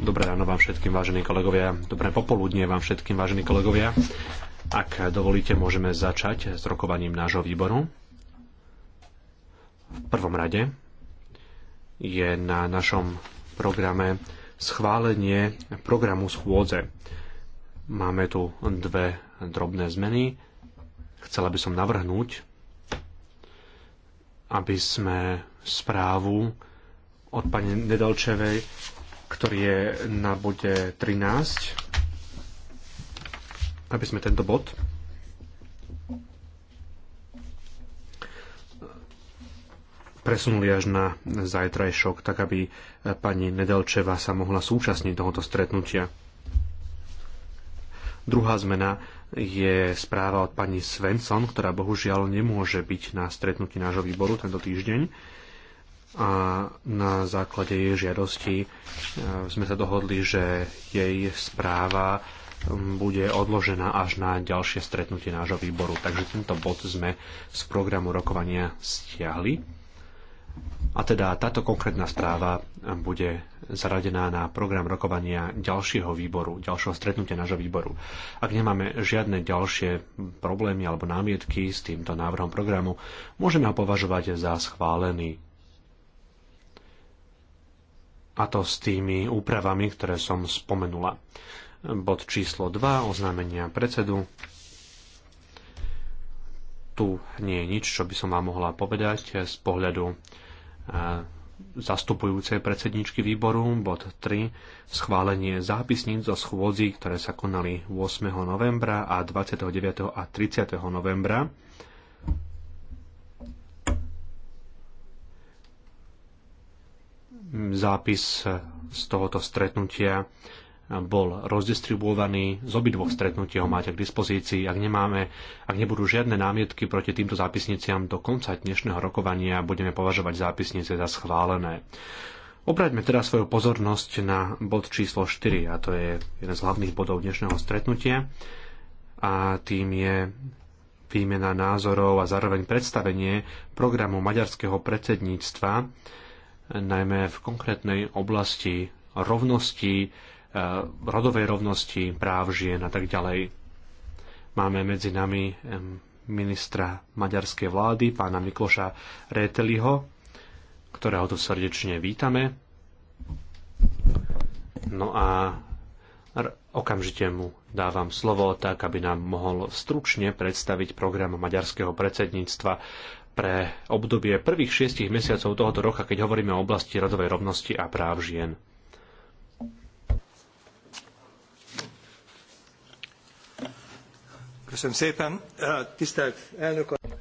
Dobré ráno vám všetkým, vážení kolegovia. Dobré popoludnie vám všetkým, vážení kolegovia. Ak dovolíte, môžeme začať s rokovaním nášho výboru. V prvom rade je na našom programe schválenie programu schôdze. Máme tu dve drobné zmeny. Chcela by som navrhnúť, aby sme správu od pani Nedalčevej, ktorý je na bode 13, aby sme tento bod presunuli až na zajtrajšok, tak aby pani Nedelčeva sa mohla súčasniť tohoto stretnutia. Druhá zmena je správa od pani Svensson, ktorá bohužiaľ nemôže byť na stretnutí nášho výboru tento týždeň a na základe jej žiadosti e, sme sa dohodli, že jej správa bude odložená až na ďalšie stretnutie nášho výboru. Takže tento bod sme z programu rokovania stiahli. A teda táto konkrétna správa e, bude zaradená na program rokovania ďalšieho výboru, ďalšieho stretnutia nášho výboru. Ak nemáme žiadne ďalšie problémy alebo námietky s týmto návrhom programu, môžeme ho považovať za schválený a to s tými úpravami, ktoré som spomenula. Bod číslo 2, oznámenia predsedu. Tu nie je nič, čo by som vám mohla povedať z pohľadu e, zastupujúcej predsedničky výboru, bod 3, schválenie zápisníc zo schôdzí, ktoré sa konali 8. novembra a 29. a 30. novembra Zápis z tohoto stretnutia bol rozdistribuovaný. Z obidvoch stretnutí ho máte k dispozícii. Ak, nemáme, ak nebudú žiadne námietky proti týmto zápisniciam do konca dnešného rokovania, budeme považovať zápisnice za schválené. Obraťme teda svoju pozornosť na bod číslo 4, a to je jeden z hlavných bodov dnešného stretnutia. A tým je výmena názorov a zároveň predstavenie programu maďarského predsedníctva najmä v konkrétnej oblasti rovnosti, e, rodovej rovnosti, práv žien a tak ďalej. Máme medzi nami ministra maďarskej vlády, pána Mikloša Rételiho, ktorého tu srdečne vítame. No a okamžite mu dávam slovo tak, aby nám mohol stručne predstaviť program maďarského predsedníctva pre obdobie prvých šiestich mesiacov tohoto roka, keď hovoríme o oblasti radovej rovnosti a práv žien.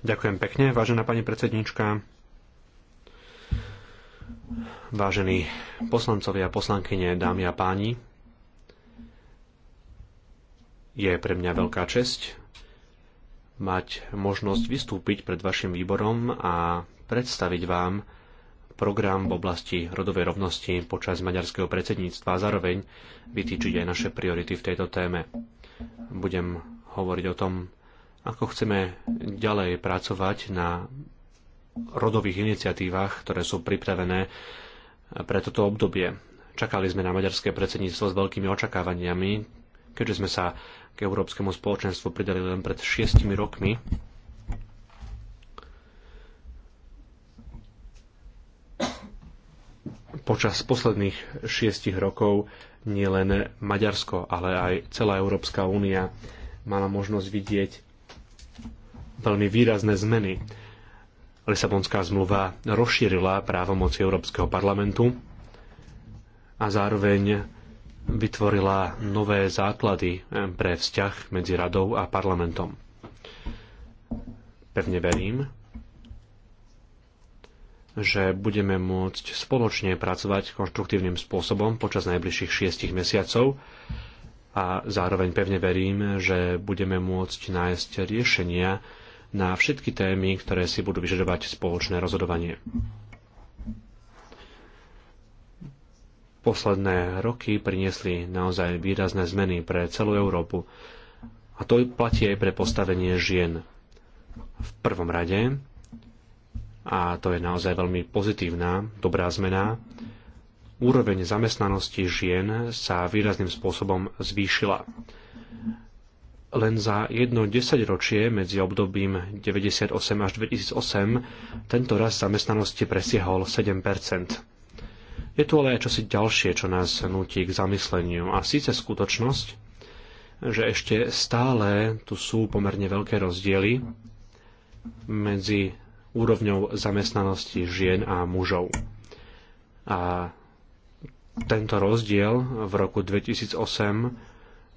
Ďakujem pekne, vážená pani predsednička. Vážení poslancovi a poslankyne, dámy a páni, je pre mňa veľká česť mať možnosť vystúpiť pred vašim výborom a predstaviť vám program v oblasti rodovej rovnosti počas maďarského predsedníctva a zároveň vytýčiť aj naše priority v tejto téme. Budem hovoriť o tom, ako chceme ďalej pracovať na rodových iniciatívach, ktoré sú pripravené pre toto obdobie. Čakali sme na maďarské predsedníctvo s veľkými očakávaniami, keďže sme sa k Európskemu spoločenstvu pridali len pred šiestimi rokmi, počas posledných šiestich rokov nielen Maďarsko, ale aj celá Európska únia mala možnosť vidieť veľmi výrazné zmeny. Lisabonská zmluva rozšírila právomoci Európskeho parlamentu a zároveň vytvorila nové základy eh, pre vzťah medzi radou a parlamentom. Pevne verím, že budeme môcť spoločne pracovať konštruktívnym spôsobom počas najbližších šiestich mesiacov a zároveň pevne verím, že budeme môcť nájsť riešenia na všetky témy, ktoré si budú vyžadovať spoločné rozhodovanie. posledné roky priniesli naozaj výrazné zmeny pre celú Európu. A to platí aj pre postavenie žien. V prvom rade, a to je naozaj veľmi pozitívna, dobrá zmena, úroveň zamestnanosti žien sa výrazným spôsobom zvýšila. Len za jedno desaťročie medzi obdobím 98 až 2008 tento rast zamestnanosti presiehol 7 je tu ale aj čosi ďalšie, čo nás nutí k zamysleniu, a síce skutočnosť, že ešte stále tu sú pomerne veľké rozdiely medzi úrovňou zamestnanosti žien a mužov. A tento rozdiel v roku 2008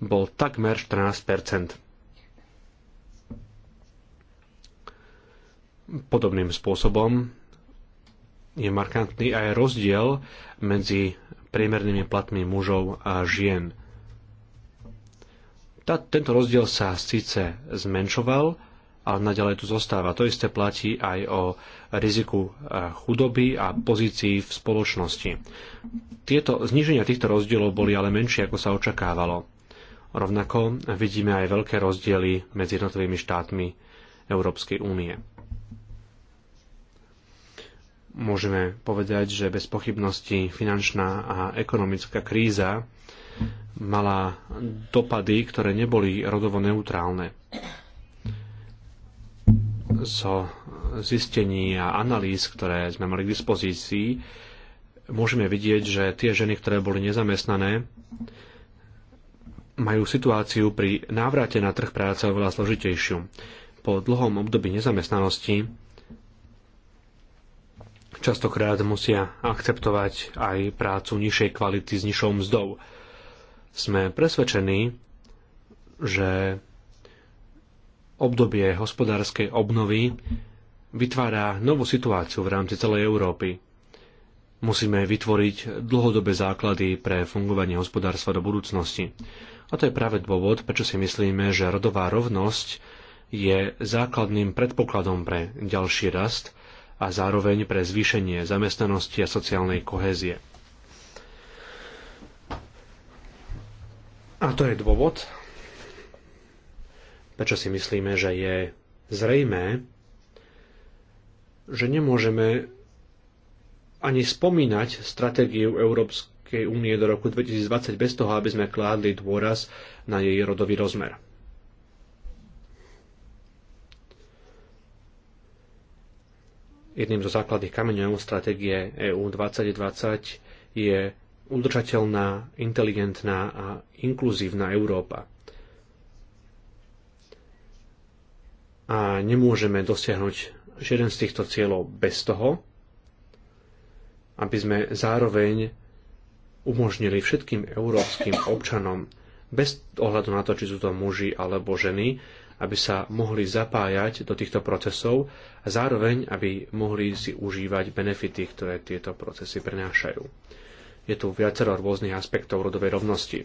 bol takmer 14 Podobným spôsobom je markantný aj rozdiel medzi priemernými platmi mužov a žien. Tá, tento rozdiel sa síce zmenšoval, ale naďalej tu zostáva. To isté platí aj o riziku e, chudoby a pozícií v spoločnosti. Tieto, zniženia týchto rozdielov boli ale menšie, ako sa očakávalo. Rovnako vidíme aj veľké rozdiely medzi jednotlivými štátmi Európskej únie môžeme povedať, že bez pochybnosti finančná a ekonomická kríza mala dopady, ktoré neboli rodovo neutrálne. Zo zistení a analýz, ktoré sme mali k dispozícii, môžeme vidieť, že tie ženy, ktoré boli nezamestnané, majú situáciu pri návrate na trh práce oveľa složitejšiu. Po dlhom období nezamestnanosti častokrát musia akceptovať aj prácu nižšej kvality s nižšou mzdou. Sme presvedčení, že obdobie hospodárskej obnovy vytvára novú situáciu v rámci celej Európy. Musíme vytvoriť dlhodobé základy pre fungovanie hospodárstva do budúcnosti. A to je práve dôvod, prečo si myslíme, že rodová rovnosť je základným predpokladom pre ďalší rast a zároveň pre zvýšenie zamestnanosti a sociálnej kohézie. A to je dôvod, prečo si myslíme, že je zrejmé, že nemôžeme ani spomínať stratégiu Európskej únie do roku 2020 bez toho, aby sme kládli dôraz na jej rodový rozmer. Jedným zo základných kameňov stratégie EU 2020 je udržateľná, inteligentná a inkluzívna Európa. A nemôžeme dosiahnuť žiaden z týchto cieľov bez toho, aby sme zároveň umožnili všetkým európskym občanom, bez ohľadu na to, či sú to muži alebo ženy, aby sa mohli zapájať do týchto procesov a zároveň, aby mohli si užívať benefity, ktoré tieto procesy prinášajú. Je tu viacero rôznych aspektov rodovej rovnosti.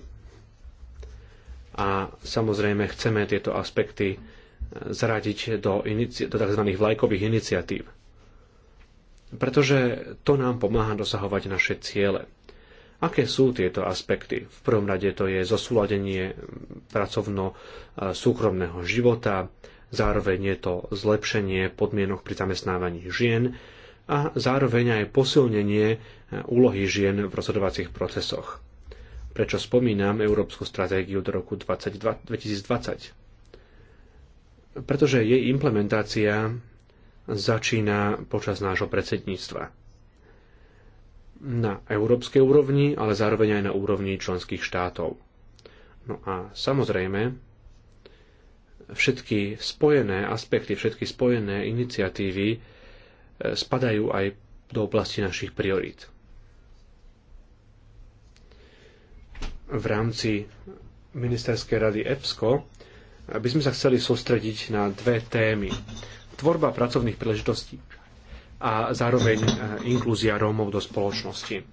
A samozrejme chceme tieto aspekty e, zradiť do, inici- do tzv. vlajkových iniciatív. Pretože to nám pomáha dosahovať naše ciele Aké sú tieto aspekty? V prvom rade to je zosúladenie pracovno-súkromného života, zároveň je to zlepšenie podmienok pri zamestnávaní žien a zároveň aj posilnenie úlohy žien v rozhodovacích procesoch. Prečo spomínam Európsku stratégiu do roku 2020? Pretože jej implementácia začína počas nášho predsedníctva na európskej úrovni, ale zároveň aj na úrovni členských štátov. No a samozrejme, všetky spojené aspekty, všetky spojené iniciatívy e, spadajú aj do oblasti našich priorít. V rámci ministerskej rady EPSCO by sme sa chceli sústrediť na dve témy. Tvorba pracovných príležitostí a zároveň e, inklúzia Rómov do spoločnosti.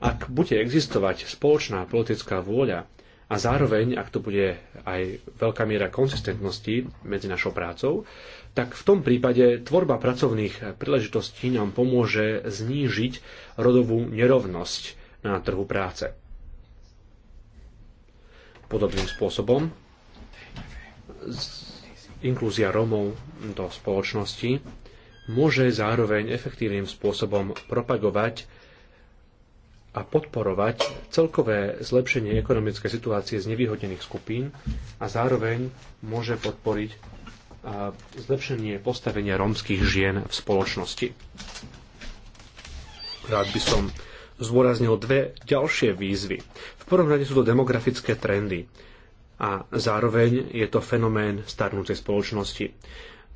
Ak bude existovať spoločná politická vôľa a zároveň, ak to bude aj veľká miera konsistentnosti medzi našou prácou, tak v tom prípade tvorba pracovných príležitostí nám pomôže znížiť rodovú nerovnosť na trhu práce. Podobným spôsobom inklúzia Rómov do spoločnosti môže zároveň efektívnym spôsobom propagovať a podporovať celkové zlepšenie ekonomickej situácie z nevyhodnených skupín a zároveň môže podporiť zlepšenie postavenia rómskych žien v spoločnosti. Rád by som zdôraznil dve ďalšie výzvy. V prvom rade sú to demografické trendy a zároveň je to fenomén starnúcej spoločnosti.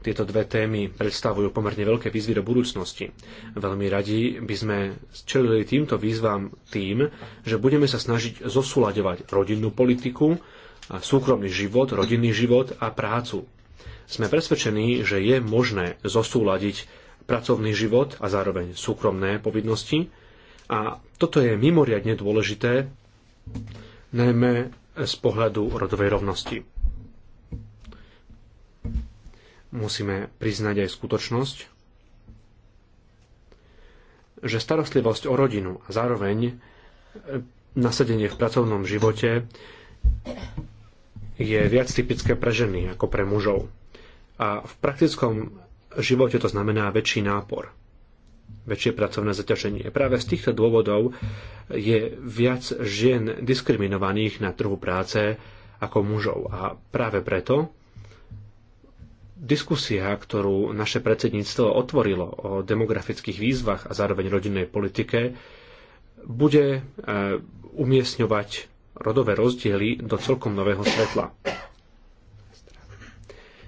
Tieto dve témy predstavujú pomerne veľké výzvy do budúcnosti. Veľmi radi by sme čelili týmto výzvam tým, že budeme sa snažiť zosúľadovať rodinnú politiku, súkromný život, rodinný život a prácu. Sme presvedčení, že je možné zosúľadiť pracovný život a zároveň súkromné povinnosti. A toto je mimoriadne dôležité, najmä z pohľadu rodovej rovnosti musíme priznať aj skutočnosť, že starostlivosť o rodinu a zároveň e, nasadenie v pracovnom živote je viac typické pre ženy ako pre mužov. A v praktickom živote to znamená väčší nápor, väčšie pracovné zaťaženie. Práve z týchto dôvodov je viac žien diskriminovaných na trhu práce ako mužov. A práve preto Diskusia, ktorú naše predsedníctvo otvorilo o demografických výzvach a zároveň rodinnej politike, bude e, umiestňovať rodové rozdiely do celkom nového svetla.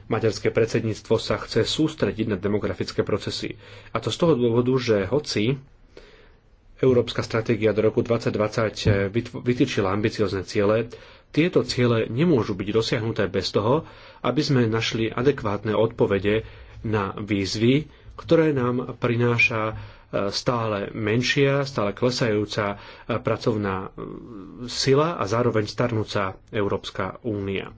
Maďarské predsedníctvo sa chce sústrediť na demografické procesy. A to z toho dôvodu, že hoci Európska stratégia do roku 2020 e, vytýčila ambiciozne ciele, tieto ciele nemôžu byť dosiahnuté bez toho, aby sme našli adekvátne odpovede na výzvy, ktoré nám prináša e, stále menšia, stále klesajúca e, pracovná e, sila a zároveň starnúca Európska únia.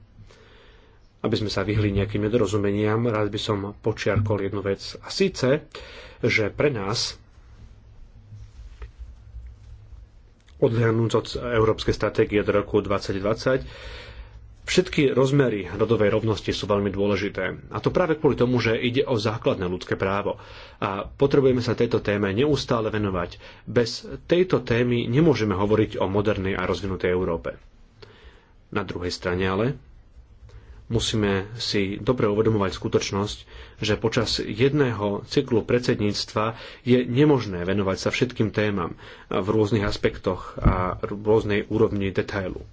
Aby sme sa vyhli nejakým nedorozumeniam, rád by som počiarkol jednu vec. A síce, že pre nás odhľadnúť od Európskej stratégie do roku 2020, Všetky rozmery rodovej rovnosti sú veľmi dôležité. A to práve kvôli tomu, že ide o základné ľudské právo. A potrebujeme sa tejto téme neustále venovať. Bez tejto témy nemôžeme hovoriť o modernej a rozvinutej Európe. Na druhej strane ale musíme si dobre uvedomovať skutočnosť, že počas jedného cyklu predsedníctva je nemožné venovať sa všetkým témam v rôznych aspektoch a rôznej úrovni detailu.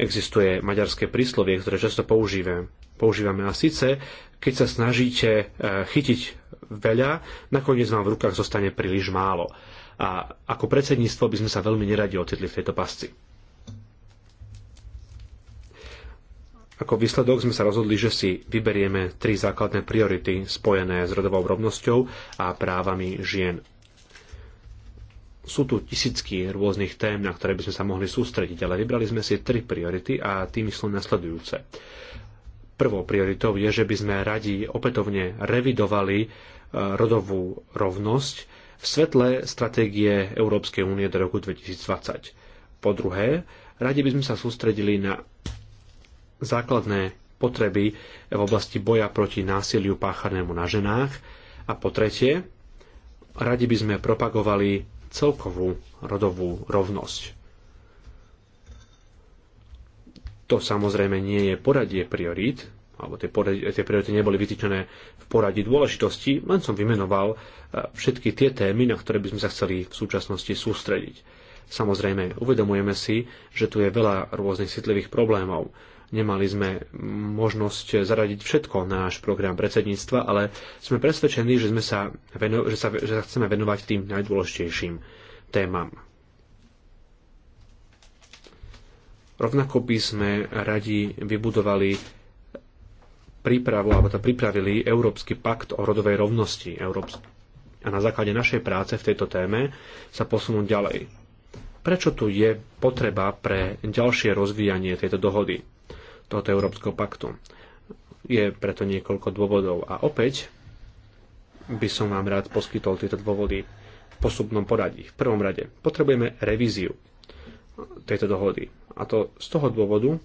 Existuje maďarské príslovie, ktoré často používame. používame a síce, keď sa snažíte e, chytiť veľa, nakoniec vám v rukách zostane príliš málo. A ako predsedníctvo by sme sa veľmi neradi ocitli v tejto pasci. Ako výsledok sme sa rozhodli, že si vyberieme tri základné priority spojené s rodovou rovnosťou a právami žien. Sú tu tisícky rôznych tém, na ktoré by sme sa mohli sústrediť, ale vybrali sme si tri priority a tým sú nasledujúce. Prvou prioritou je, že by sme radi opätovne revidovali e, rodovú rovnosť v svetle stratégie Európskej únie do roku 2020. Po druhé, radi by sme sa sústredili na základné potreby v oblasti boja proti násiliu páchanému na ženách a po tretie, radi by sme propagovali celkovú rodovú rovnosť. To samozrejme nie je poradie priorít, alebo tie, poradie, tie priority neboli vytýčené v poradí dôležitosti, len som vymenoval e, všetky tie témy, na ktoré by sme sa chceli v súčasnosti sústrediť. Samozrejme, uvedomujeme si, že tu je veľa rôznych citlivých problémov, Nemali sme možnosť zaradiť všetko na náš program predsedníctva, ale sme presvedčení, že, sme sa, veno, že, sa, že sa chceme venovať tým najdôležitejším témam. Rovnako by sme radi vybudovali prípravu, alebo to teda pripravili Európsky pakt o rodovej rovnosti Európsky. a na základe našej práce v tejto téme sa posunúť ďalej. Prečo tu je potreba pre ďalšie rozvíjanie tejto dohody? tohoto Európskeho paktu. Je preto niekoľko dôvodov a opäť by som vám rád poskytol tieto dôvody v postupnom poradí. V prvom rade potrebujeme revíziu tejto dohody. A to z toho dôvodu,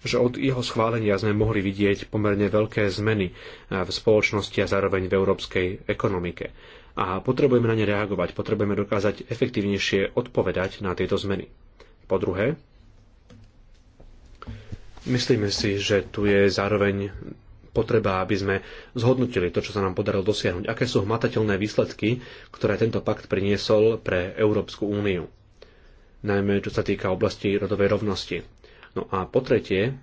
že od jeho schválenia sme mohli vidieť pomerne veľké zmeny v spoločnosti a zároveň v európskej ekonomike. A potrebujeme na ne reagovať, potrebujeme dokázať efektívnejšie odpovedať na tieto zmeny. Po druhé, Myslíme si, že tu je zároveň potreba, aby sme zhodnotili to, čo sa nám podarilo dosiahnuť. Aké sú hmatateľné výsledky, ktoré tento pakt priniesol pre Európsku úniu? Najmä čo sa týka oblasti rodovej rovnosti. No a po tretie,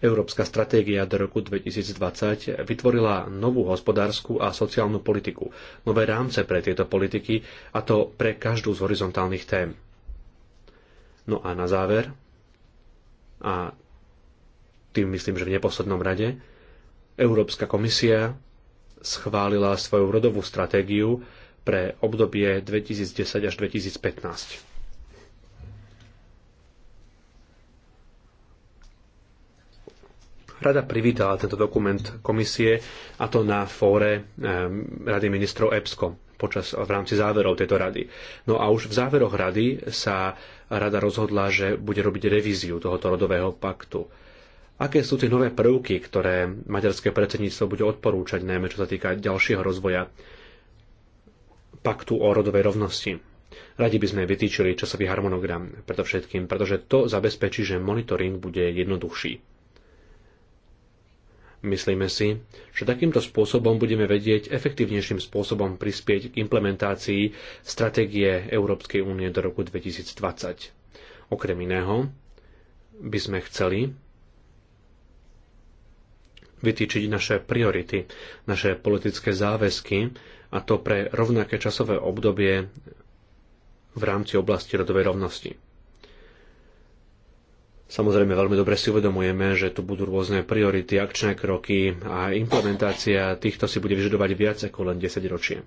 Európska stratégia do roku 2020 vytvorila novú hospodárskú a sociálnu politiku, nové rámce pre tieto politiky, a to pre každú z horizontálnych tém. No a na záver, a tým myslím, že v neposlednom rade, Európska komisia schválila svoju rodovú stratégiu pre obdobie 2010 až 2015. Rada privítala tento dokument komisie a to na fóre eh, Rady ministrov EPSCO počas, v rámci záverov tejto rady. No a už v záveroch rady sa rada rozhodla, že bude robiť revíziu tohoto rodového paktu. Aké sú tie nové prvky, ktoré maďarské predsedníctvo bude odporúčať, najmä čo sa týka ďalšieho rozvoja paktu o rodovej rovnosti? Radi by sme vytýčili časový harmonogram, predovšetkým, pretože to zabezpečí, že monitoring bude jednoduchší. Myslíme si, že takýmto spôsobom budeme vedieť efektívnejším spôsobom prispieť k implementácii stratégie Európskej únie do roku 2020. Okrem iného by sme chceli vytýčiť naše priority, naše politické záväzky a to pre rovnaké časové obdobie v rámci oblasti rodovej rovnosti. Samozrejme, veľmi dobre si uvedomujeme, že tu budú rôzne priority, akčné kroky a implementácia týchto si bude vyžadovať viac ako len 10 ročie.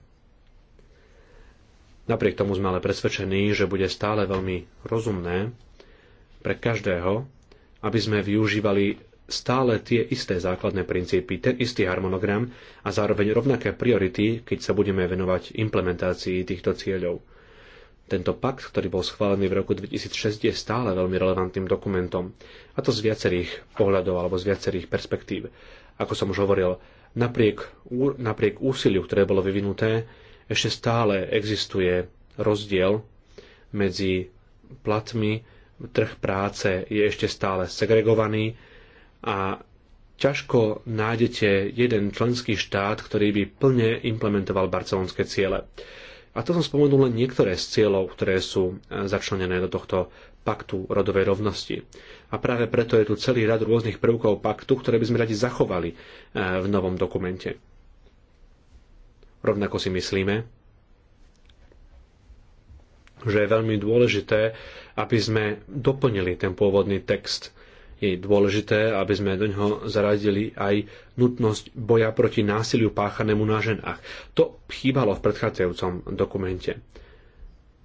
Napriek tomu sme ale presvedčení, že bude stále veľmi rozumné pre každého, aby sme využívali stále tie isté základné princípy, ten istý harmonogram a zároveň rovnaké priority, keď sa budeme venovať implementácii týchto cieľov. Tento pakt, ktorý bol schválený v roku 2006, je stále veľmi relevantným dokumentom, a to z viacerých pohľadov alebo z viacerých perspektív. Ako som už hovoril, napriek, napriek úsiliu, ktoré bolo vyvinuté, ešte stále existuje rozdiel medzi platmi, trh práce je ešte stále segregovaný a ťažko nájdete jeden členský štát, ktorý by plne implementoval barcelonské ciele. A to som spomenul len niektoré z cieľov, ktoré sú e, začlenené do tohto paktu rodovej rovnosti. A práve preto je tu celý rad rôznych prvkov paktu, ktoré by sme radi zachovali e, v novom dokumente. Rovnako si myslíme, že je veľmi dôležité, aby sme doplnili ten pôvodný text je dôležité, aby sme do ňoho zaradili aj nutnosť boja proti násiliu páchanému na ženách. To chýbalo v predchádzajúcom dokumente.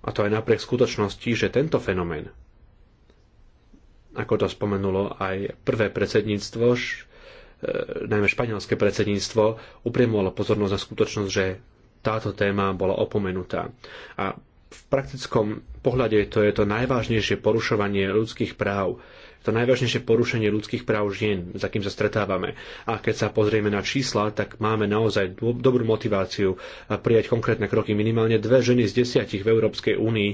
A to aj napriek skutočnosti, že tento fenomén, ako to spomenulo aj prvé predsedníctvo, e, najmä španielské predsedníctvo, upriemovalo pozornosť na skutočnosť, že táto téma bola opomenutá. A v praktickom pohľade to je to najvážnejšie porušovanie ľudských práv to najvážnejšie porušenie ľudských práv žien, za kým sa stretávame. A keď sa pozrieme na čísla, tak máme naozaj dobrú motiváciu prijať konkrétne kroky. Minimálne dve ženy z desiatich v Európskej únii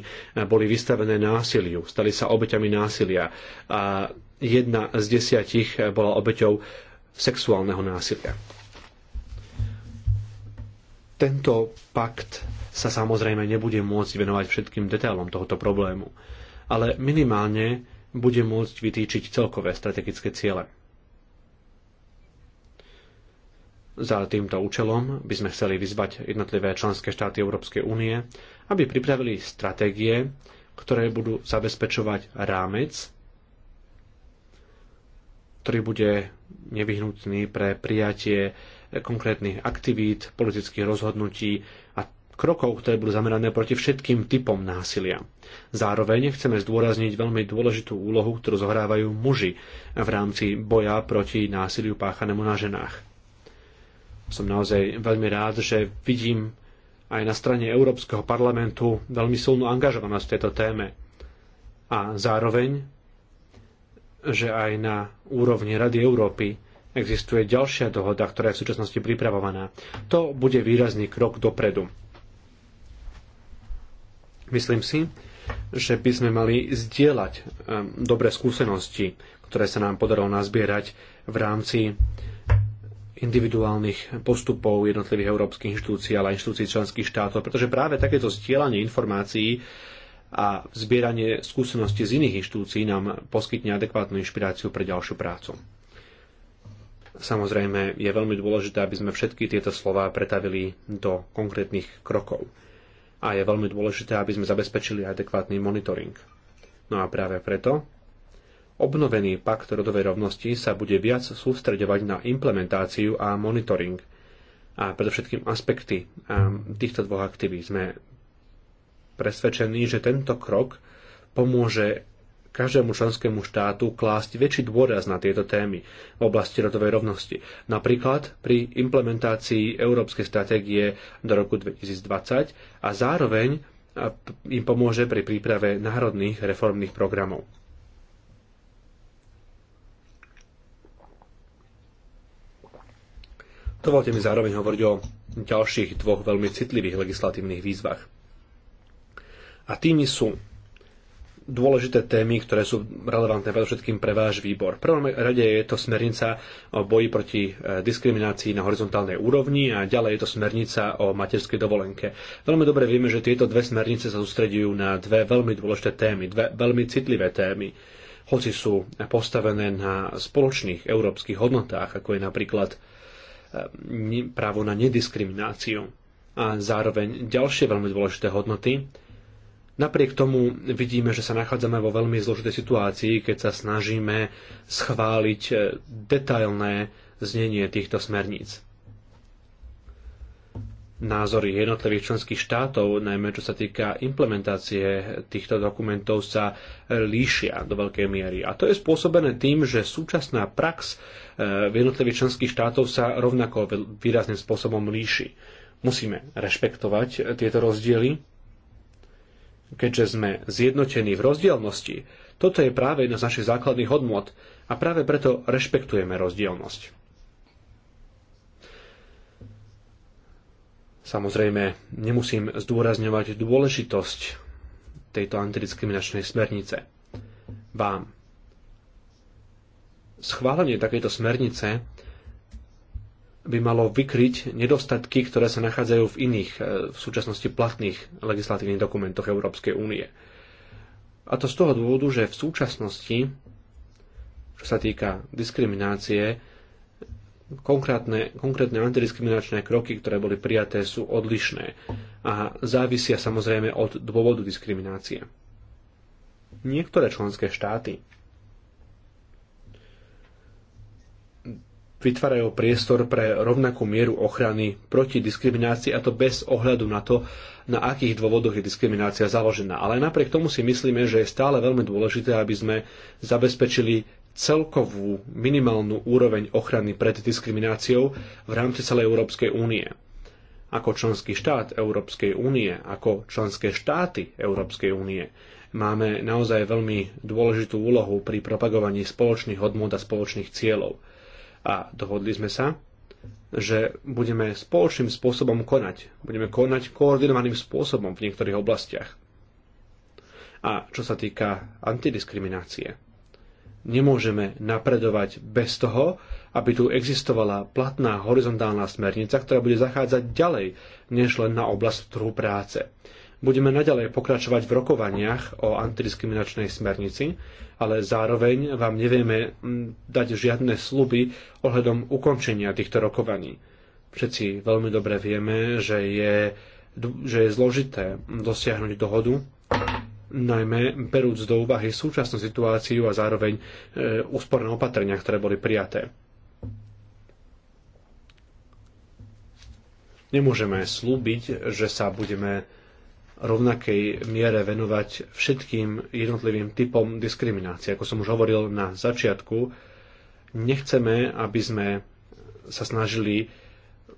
boli vystavené násiliu, stali sa obeťami násilia. A jedna z desiatich bola obeťou sexuálneho násilia. Tento pakt sa samozrejme nebude môcť venovať všetkým detailom tohoto problému, ale minimálne bude môcť vytýčiť celkové strategické ciele. Za týmto účelom by sme chceli vyzvať jednotlivé členské štáty Európskej únie, aby pripravili stratégie, ktoré budú zabezpečovať rámec, ktorý bude nevyhnutný pre prijatie konkrétnych aktivít, politických rozhodnutí a krokov, ktoré budú zamerané proti všetkým typom násilia. Zároveň chceme zdôrazniť veľmi dôležitú úlohu, ktorú zohrávajú muži v rámci boja proti násiliu páchanému na ženách. Som naozaj veľmi rád, že vidím aj na strane Európskeho parlamentu veľmi silnú angažovanosť v tejto téme. A zároveň, že aj na úrovni Rady Európy existuje ďalšia dohoda, ktorá je v súčasnosti pripravovaná. To bude výrazný krok dopredu Myslím si, že by sme mali zdieľať dobré skúsenosti, ktoré sa nám podarilo nazbierať v rámci individuálnych postupov jednotlivých európskych inštitúcií, ale aj inštitúcií členských štátov, pretože práve takéto zdieľanie informácií a zbieranie skúseností z iných inštitúcií nám poskytne adekvátnu inšpiráciu pre ďalšiu prácu. Samozrejme, je veľmi dôležité, aby sme všetky tieto slova pretavili do konkrétnych krokov a je veľmi dôležité, aby sme zabezpečili adekvátny monitoring. No a práve preto obnovený pakt rodovej rovnosti sa bude viac sústredovať na implementáciu a monitoring. A predovšetkým aspekty ehm, týchto dvoch aktiví sme presvedčení, že tento krok pomôže každému členskému štátu klásť väčší dôraz na tieto témy v oblasti rodovej rovnosti. Napríklad pri implementácii Európskej stratégie do roku 2020 a zároveň im pomôže pri príprave národných reformných programov. Dovolte mi zároveň hovoriť o ďalších dvoch veľmi citlivých legislatívnych výzvach. A tými sú dôležité témy, ktoré sú relevantné predovšetkým pre váš výbor. V prvom rade je to smernica o boji proti e, diskriminácii na horizontálnej úrovni a ďalej je to smernica o materskej dovolenke. Veľmi dobre vieme, že tieto dve smernice sa sústredujú na dve veľmi dôležité témy, dve veľmi citlivé témy hoci sú postavené na spoločných európskych hodnotách, ako je napríklad e, právo na nediskrimináciu a zároveň ďalšie veľmi dôležité hodnoty, Napriek tomu vidíme, že sa nachádzame vo veľmi zložitej situácii, keď sa snažíme schváliť e, detailné znenie týchto smerníc. Názory jednotlivých členských štátov, najmä čo sa týka implementácie týchto dokumentov, sa líšia do veľkej miery. A to je spôsobené tým, že súčasná prax e, v jednotlivých členských štátov sa rovnako výrazným spôsobom líši. Musíme rešpektovať e, tieto rozdiely, Keďže sme zjednotení v rozdielnosti, toto je práve jedna z našich základných hodnot a práve preto rešpektujeme rozdielnosť. Samozrejme, nemusím zdôrazňovať dôležitosť tejto antidiskriminačnej smernice. Vám. Schválenie takejto smernice by malo vykryť nedostatky, ktoré sa nachádzajú v iných e, v súčasnosti platných legislatívnych dokumentoch Európskej únie. A to z toho dôvodu, že v súčasnosti, čo sa týka diskriminácie, konkrétne, konkrétne antidiskriminačné kroky, ktoré boli prijaté, sú odlišné a závisia samozrejme od dôvodu diskriminácie. Niektoré členské štáty vytvárajú priestor pre rovnakú mieru ochrany proti diskriminácii a to bez ohľadu na to, na akých dôvodoch je diskriminácia založená. Ale napriek tomu si myslíme, že je stále veľmi dôležité, aby sme zabezpečili celkovú minimálnu úroveň ochrany pred diskrimináciou v rámci celej Európskej únie. Ako členský štát Európskej únie, ako členské štáty Európskej únie, máme naozaj veľmi dôležitú úlohu pri propagovaní spoločných hodnôt a spoločných cieľov a dohodli sme sa, že budeme spoločným spôsobom konať. Budeme konať koordinovaným spôsobom v niektorých oblastiach. A čo sa týka antidiskriminácie, nemôžeme napredovať bez toho, aby tu existovala platná horizontálna smernica, ktorá bude zachádzať ďalej, než len na oblasť trhu práce. Budeme naďalej pokračovať v rokovaniach o antidiskriminačnej smernici, ale zároveň vám nevieme mm, dať žiadne sluby ohľadom ukončenia týchto rokovaní. Všetci veľmi dobre vieme, že je, že je zložité dosiahnuť dohodu, najmä berúc do úvahy súčasnú situáciu a zároveň e, úsporné opatrenia, ktoré boli prijaté. Nemôžeme slúbiť, že sa budeme rovnakej miere venovať všetkým jednotlivým typom diskriminácie. Ako som už hovoril na začiatku, nechceme, aby sme sa snažili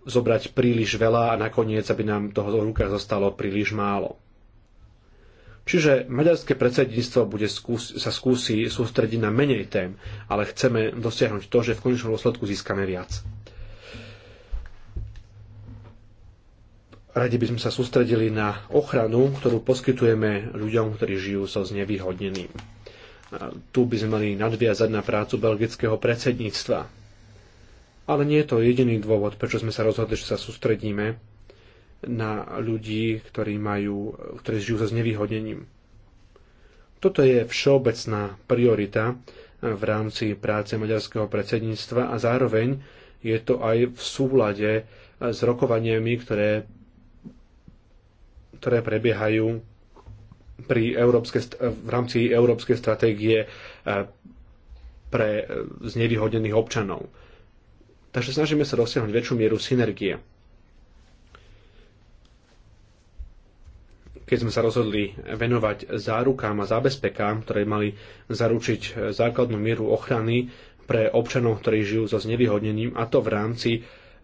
zobrať príliš veľa a nakoniec, aby nám toho v rukách zostalo príliš málo. Čiže maďarské predsedníctvo bude skús- sa skúsi sústrediť na menej tém, ale chceme dosiahnuť to, že v konečnom dôsledku získame viac. Radi by sme sa sústredili na ochranu, ktorú poskytujeme ľuďom, ktorí žijú so znevýhodneným. Tu by sme mali nadviazať na prácu belgického predsedníctva. Ale nie je to jediný dôvod, prečo sme sa rozhodli, že sa sústredíme na ľudí, ktorí, majú, ktorí žijú so znevýhodnením. Toto je všeobecná priorita v rámci práce maďarského predsedníctva a zároveň je to aj v súlade s rokovaniami, ktoré ktoré prebiehajú pri európske, v rámci európskej stratégie eh, pre eh, znevýhodnených občanov. Takže snažíme sa dosiahnuť väčšiu mieru synergie. keď sme sa rozhodli venovať zárukám a zábezpekám, ktoré mali zaručiť eh, základnú mieru ochrany pre občanov, ktorí žijú so znevýhodnením, a to v rámci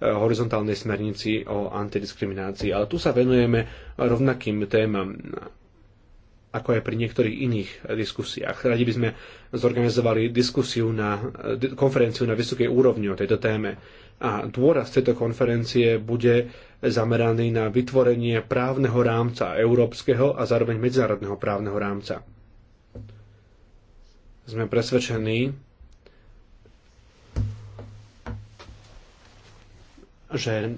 horizontálnej smernici o antidiskriminácii. Ale tu sa venujeme rovnakým témam ako aj pri niektorých iných diskusiách. Radi by sme zorganizovali diskusiu na konferenciu na vysokej úrovni o tejto téme. A dôraz tejto konferencie bude zameraný na vytvorenie právneho rámca európskeho a zároveň medzinárodného právneho rámca. Sme presvedčení, že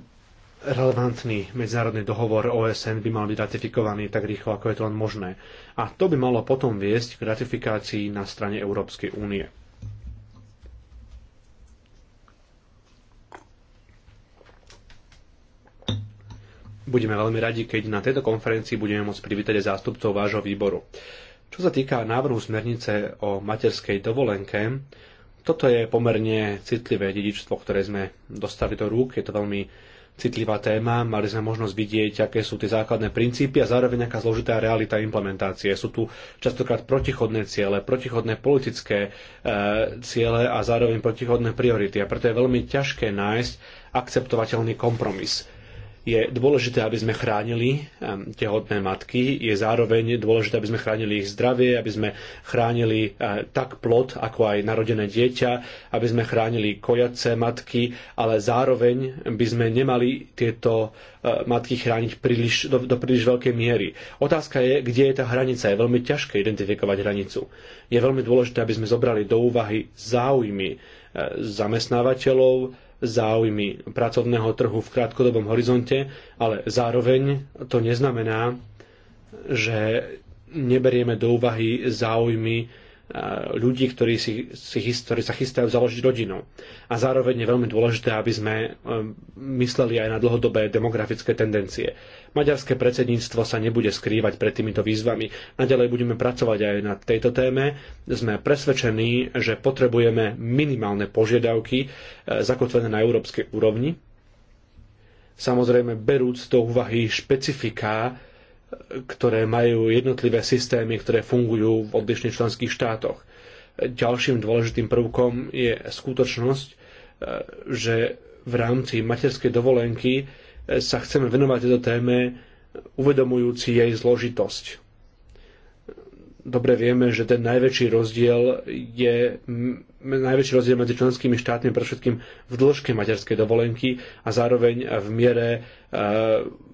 relevantný medzinárodný dohovor OSN by mal byť ratifikovaný tak rýchlo, ako je to len možné. A to by malo potom viesť k ratifikácii na strane Európskej únie. Budeme veľmi radi, keď na tejto konferencii budeme môcť privítať zástupcov vášho výboru. Čo sa týka návrhu smernice o materskej dovolenke, toto je pomerne citlivé dedičstvo, ktoré sme dostali do rúk. Je to veľmi citlivá téma. Mali sme možnosť vidieť, aké sú tie základné princípy a zároveň aká zložitá realita implementácie. Sú tu častokrát protichodné ciele, protichodné politické e, ciele a zároveň protichodné priority. A preto je veľmi ťažké nájsť akceptovateľný kompromis je dôležité, aby sme chránili ehm, tehotné matky, je zároveň dôležité, aby sme chránili ich zdravie, aby sme chránili eh, tak plod, ako aj narodené dieťa, aby sme chránili kojace matky, ale zároveň by sme nemali tieto eh, matky chrániť príliš, do, do príliš veľkej miery. Otázka je, kde je tá hranica. Je veľmi ťažké identifikovať hranicu. Je veľmi dôležité, aby sme zobrali do úvahy záujmy eh, zamestnávateľov, záujmy pracovného trhu v krátkodobom horizonte, ale zároveň to neznamená, že neberieme do úvahy záujmy e, ľudí, ktorí, si, si, ktorí sa chystajú založiť rodinu. A zároveň je veľmi dôležité, aby sme e, mysleli aj na dlhodobé demografické tendencie. Maďarské predsedníctvo sa nebude skrývať pred týmito výzvami. Naďalej budeme pracovať aj na tejto téme. Sme presvedčení, že potrebujeme minimálne požiadavky e, zakotvené na európskej úrovni. Samozrejme, berúc do úvahy špecifiká, e, ktoré majú jednotlivé systémy, ktoré fungujú v odlišných členských štátoch. Ďalším dôležitým prvkom je skutočnosť, e, že v rámci materskej dovolenky sa chceme venovať tejto téme, uvedomujúci jej zložitosť. Dobre vieme, že ten najväčší rozdiel je najväčší rozdiel medzi členskými štátmi pre všetkým v dĺžke materskej dovolenky a zároveň v miere, e,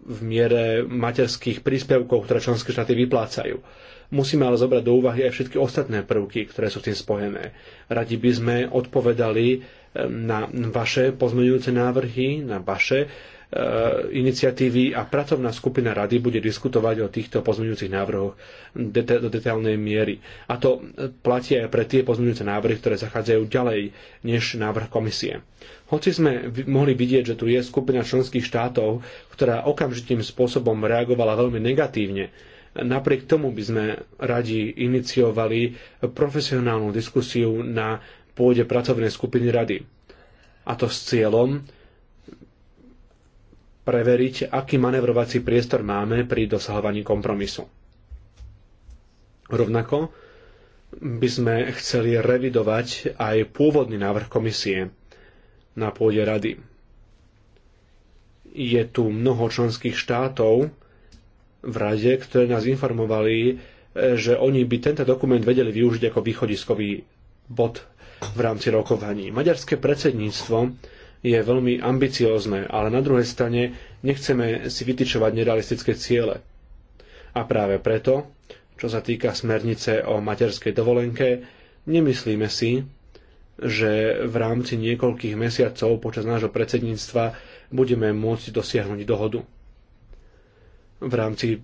v miere materských príspevkov, ktoré členské štáty vyplácajú. Musíme ale zobrať do úvahy aj všetky ostatné prvky, ktoré sú s tým spojené. Radi by sme odpovedali e, na vaše pozmeňujúce návrhy, na vaše Eh, iniciatívy a pracovná skupina rady bude diskutovať o týchto pozmeňujúcich návrhoch do detailnej miery. A to eh, platí aj pre tie pozmeňujúce návrhy, ktoré zachádzajú ďalej než návrh komisie. Hoci sme mohli vidieť, že tu je skupina členských štátov, ktorá okamžitým spôsobom reagovala veľmi negatívne, Napriek tomu by sme radi iniciovali profesionálnu diskusiu na pôde pracovnej skupiny rady. A to s cieľom preveriť, aký manevrovací priestor máme pri dosahovaní kompromisu. Rovnako by sme chceli revidovať aj pôvodný návrh komisie na pôde rady. Je tu mnoho členských štátov v rade, ktoré nás informovali, že oni by tento dokument vedeli využiť ako východiskový bod v rámci rokovaní. Maďarské predsedníctvo je veľmi ambiciózne, ale na druhej strane nechceme si vytyčovať nerealistické ciele. A práve preto, čo sa týka smernice o materskej dovolenke, nemyslíme si, že v rámci niekoľkých mesiacov počas nášho predsedníctva budeme môcť dosiahnuť dohodu v rámci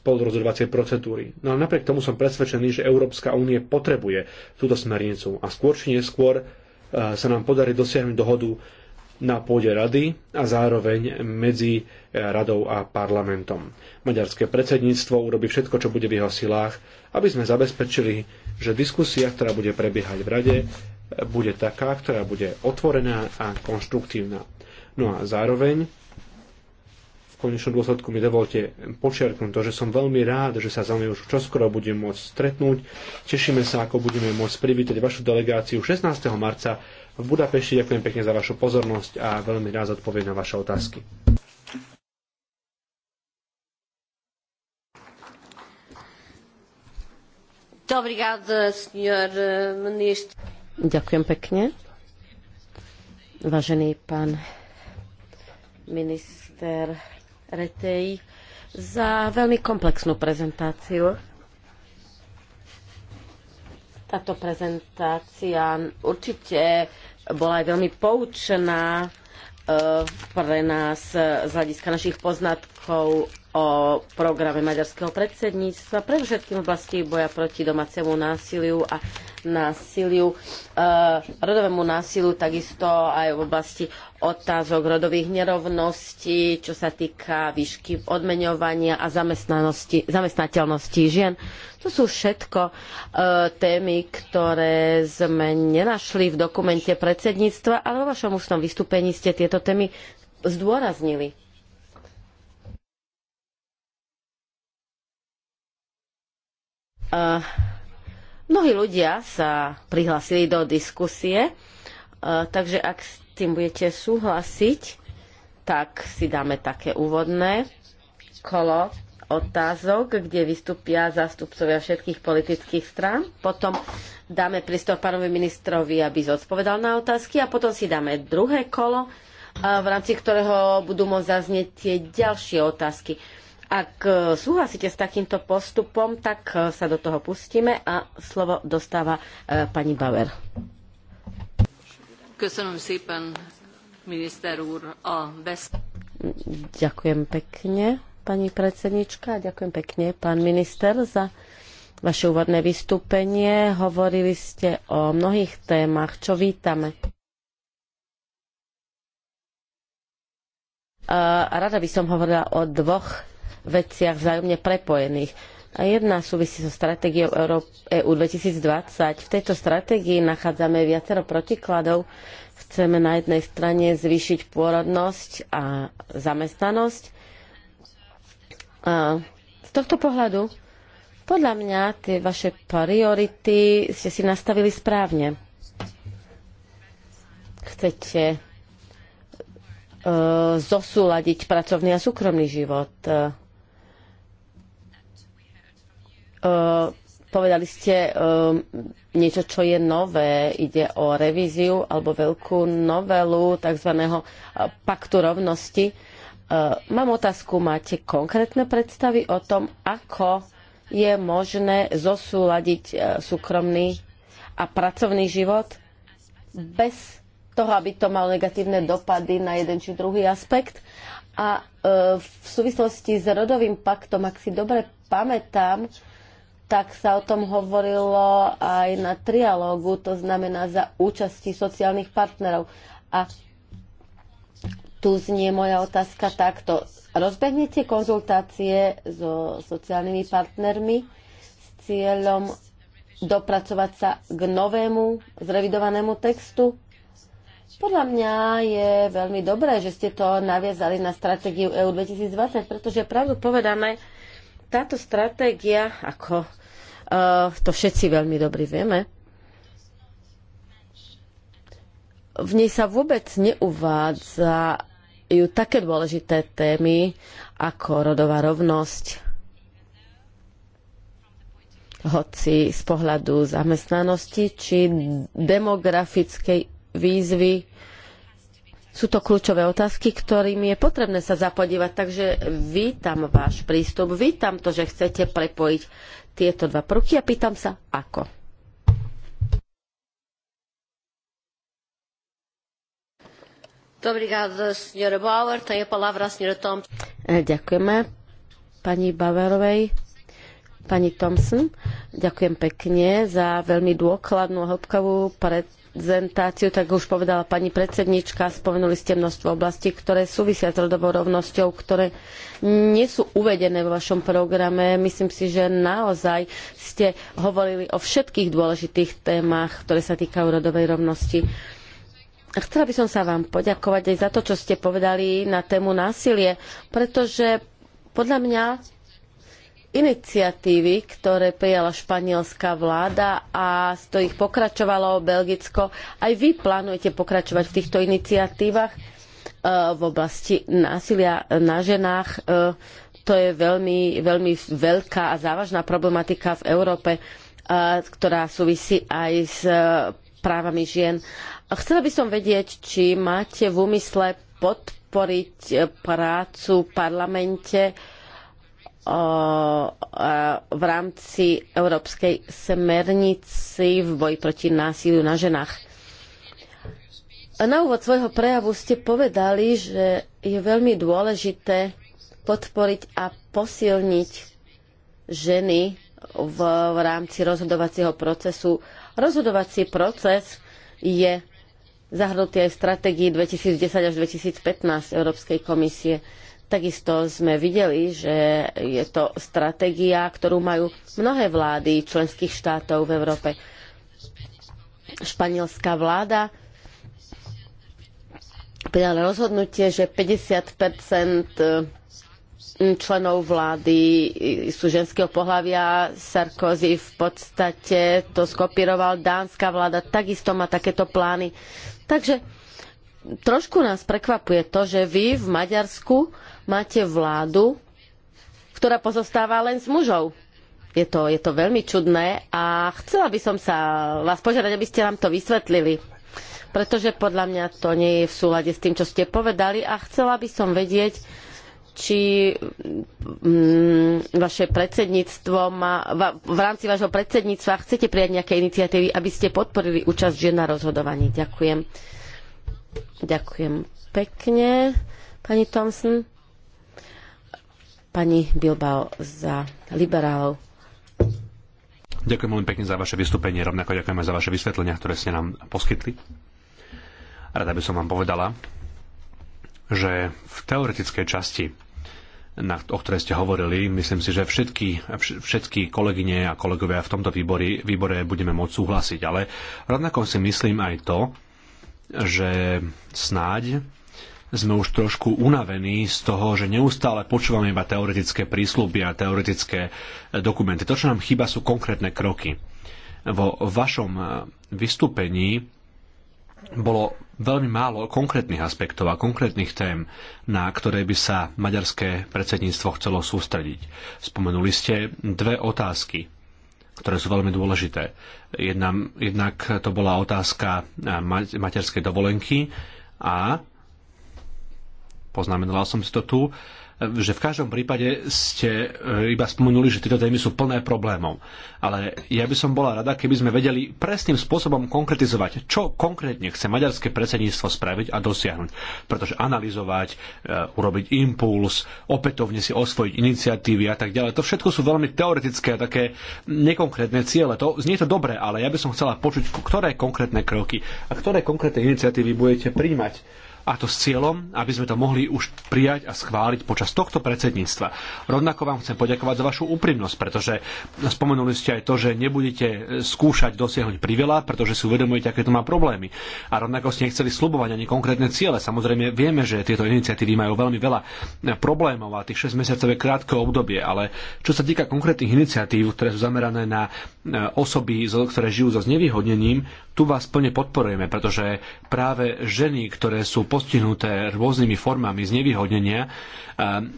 spolurozhodovacej procedúry. No ale napriek tomu som presvedčený, že Európska únie potrebuje túto smernicu a skôr či neskôr Eh, sa nám podarí dosiahnuť dohodu na pôde rady a zároveň medzi eh, radou a parlamentom. Maďarské predsedníctvo urobí všetko, čo bude v jeho silách, aby sme zabezpečili, že diskusia, ktorá bude prebiehať v rade, eh, bude taká, ktorá bude otvorená a konštruktívna. No a zároveň konečnom dôsledku mi dovolte počiarknúť to, že som veľmi rád, že sa za vami už čoskoro budem môcť stretnúť. Tešíme sa, ako budeme môcť privítať vašu delegáciu 16. marca v Budapešti. Ďakujem pekne za vašu pozornosť a veľmi rád odpoviem na vaše otázky. Ďakujem pekne. Vážený pán minister Retej za veľmi komplexnú prezentáciu. Táto prezentácia určite bola aj veľmi poučená eh, pre nás z hľadiska našich poznatkov o programe maďarského predsedníctva, predovšetkým v oblasti boja proti domácemu násiliu a násiliu, e, rodovému násiliu, takisto aj v oblasti otázok rodových nerovností, čo sa týka výšky odmeňovania a zamestnateľnosti žien. To sú všetko e, témy, ktoré sme nenašli v dokumente predsedníctva, ale vo vašom ústnom vystúpení ste tieto témy zdôraznili. Uh, mnohí ľudia sa prihlasili do diskusie, uh, takže ak s tým budete súhlasiť, tak si dáme také úvodné kolo otázok, kde vystúpia zástupcovia všetkých politických strán. Potom dáme prístor pánovi ministrovi, aby zodpovedal na otázky a potom si dáme druhé kolo, eh, v rámci ktorého budú môcť zaznieť tie ďalšie otázky. Ak e, súhlasíte s takýmto postupom, tak e, sa do toho pustíme a slovo dostáva e, pani Bauer. Ďakujem pekne, pani predsednička, ďakujem pekne, pán minister, za vaše úvodné vystúpenie. Hovorili ste o mnohých témach, čo vítame. rada by som hovorila o dvoch veciach vzájomne prepojených. A jedna súvisí so stratégiou EU 2020. E v tejto stratégii nachádzame viacero protikladov. Chceme na jednej strane zvýšiť pôrodnosť a zamestnanosť. A z tohto pohľadu, podľa mňa, tie vaše priority ste si nastavili správne. Chcete uh, e, zosúladiť pracovný a súkromný život. Eh, povedali ste um, niečo, čo je nové. Ide o revíziu alebo veľkú novelu tzv. Eh, paktu rovnosti. Uh, mám otázku, máte konkrétne predstavy o tom, ako je možné zosúľadiť súkromný a pracovný život bez toho, aby to malo negatívne dopady na jeden či druhý aspekt. A uh, v súvislosti s rodovým paktom, ak si dobre pamätám, uh, tak sa o tom hovorilo aj na trialógu, to znamená za účasti sociálnych partnerov. A tu znie moja otázka takto. Rozbehnete konzultácie so sociálnymi partnermi s cieľom dopracovať sa k novému zrevidovanému textu? Podľa mňa je veľmi dobré, že ste to naviazali na stratégiu EU 2020, pretože pravdu povedané, táto stratégia, ako Eh, to všetci veľmi dobre vieme. V nej sa vôbec neuvádzajú také dôležité témy ako rodová rovnosť, hoci z pohľadu zamestnanosti či demografickej výzvy. Sú to kľúčové otázky, ktorým je potrebné sa zapodívať, takže vítam váš prístup, vítam to, že chcete prepojiť tieto dva prvky a pýtam sa, ako. Ďakujeme pani Bauerovej, pani Thompson. Ďakujem pekne za veľmi dôkladnú a hĺbkavú pred prezentáciu, tak už povedala pani predsednička, spomenuli ste množstvo oblastí, ktoré súvisia s rodovou rovnosťou, ktoré nie sú uvedené vo vašom programe. Myslím si, že naozaj ste hovorili o všetkých dôležitých témach, ktoré sa týkajú rodovej rovnosti. Chcela by som sa vám poďakovať aj za to, čo ste povedali na tému násilie, pretože podľa mňa iniciatívy, ktoré prijala španielská vláda a z ktorých pokračovalo Belgicko. Aj vy plánujete pokračovať v týchto iniciatívach e, v oblasti násilia na ženách. E, to je veľmi, veľmi veľká a závažná problematika v Európe, e, ktorá súvisí aj s právami žien. Chcela by som vedieť, či máte v úmysle podporiť prácu v parlamente v rámci Európskej smernici v boji proti násiliu na ženách. Na úvod svojho prejavu ste povedali, že je veľmi dôležité podporiť a posilniť ženy v, v rámci rozhodovacieho procesu. Rozhodovací proces je zahrnutý aj v stratégii 2010 až 2015 Európskej komisie Takisto sme videli, že je to stratégia, ktorú majú mnohé vlády členských štátov v Európe. Španielská vláda prijala rozhodnutie, že 50 členov vlády sú ženského pohľavia. Sarkozy v podstate to skopíroval. Dánska vláda takisto má takéto plány. Takže trošku nás prekvapuje to, že vy v Maďarsku máte vládu, ktorá pozostáva len s mužov. Je to, je to veľmi čudné a chcela by som sa vás požiadať, aby ste nám to vysvetlili pretože podľa mňa to nie je v súlade s tým, čo ste povedali a chcela by som vedieť, či mm, vaše predsedníctvo má, v rámci vášho predsedníctva chcete prijať nejaké iniciatívy, aby ste podporili účasť žien na rozhodovaní. Ďakujem. Ďakujem pekne, pani Thompson. Pani Bilbao za liberálov. Ďakujem veľmi pekne za vaše vystúpenie, rovnako ďakujeme za vaše vysvetlenia, ktoré ste nám poskytli. Rada by som vám povedala, že v teoretickej časti na, o ktorej ste hovorili. Myslím si, že všetky, všetky kolegyne a kolegovia v tomto výbore, výbore budeme môcť súhlasiť. Ale rovnako si myslím aj to, že snáď sme už trošku unavení z toho, že neustále počúvame iba teoretické prísľuby a teoretické e, dokumenty. To, čo nám chýba, sú konkrétne kroky. Vo vašom e, vystúpení bolo veľmi málo konkrétnych aspektov a konkrétnych tém, na ktoré by sa maďarské predsedníctvo chcelo sústrediť. Spomenuli ste dve otázky, ktoré sú veľmi dôležité. Jedna, jednak to bola otázka e, materskej dovolenky a Poznamenala som si to tu, že v každom prípade ste e, iba spomenuli, že tieto témy sú plné problémov. Ale ja by som bola rada, keby sme vedeli presným spôsobom konkretizovať, čo konkrétne chce maďarské predsedníctvo spraviť a dosiahnuť. Pretože analyzovať, e, urobiť impuls, opätovne si osvojiť iniciatívy a tak ďalej, to všetko sú veľmi teoretické a také nekonkrétne ciele. To, znie to dobre, ale ja by som chcela počuť, ktoré konkrétne kroky a ktoré konkrétne iniciatívy budete príjmať a to s cieľom, aby sme to mohli už prijať a schváliť počas tohto predsedníctva. Rovnako vám chcem poďakovať za vašu úprimnosť, pretože spomenuli ste aj to, že nebudete e, skúšať dosiahnuť priveľa, pretože si uvedomujete, aké to má problémy. A rovnako ste nechceli slubovať ani konkrétne ciele. Samozrejme, vieme, že tieto iniciatívy majú veľmi veľa e, problémov a tých 6 mesiacov je krátke obdobie, ale čo sa týka konkrétnych iniciatív, ktoré sú zamerané na e, osoby, ktoré žijú so znevýhodnením, tu vás plne podporujeme, pretože práve ženy, ktoré sú postihnuté rôznymi formami znevýhodnenia, eh,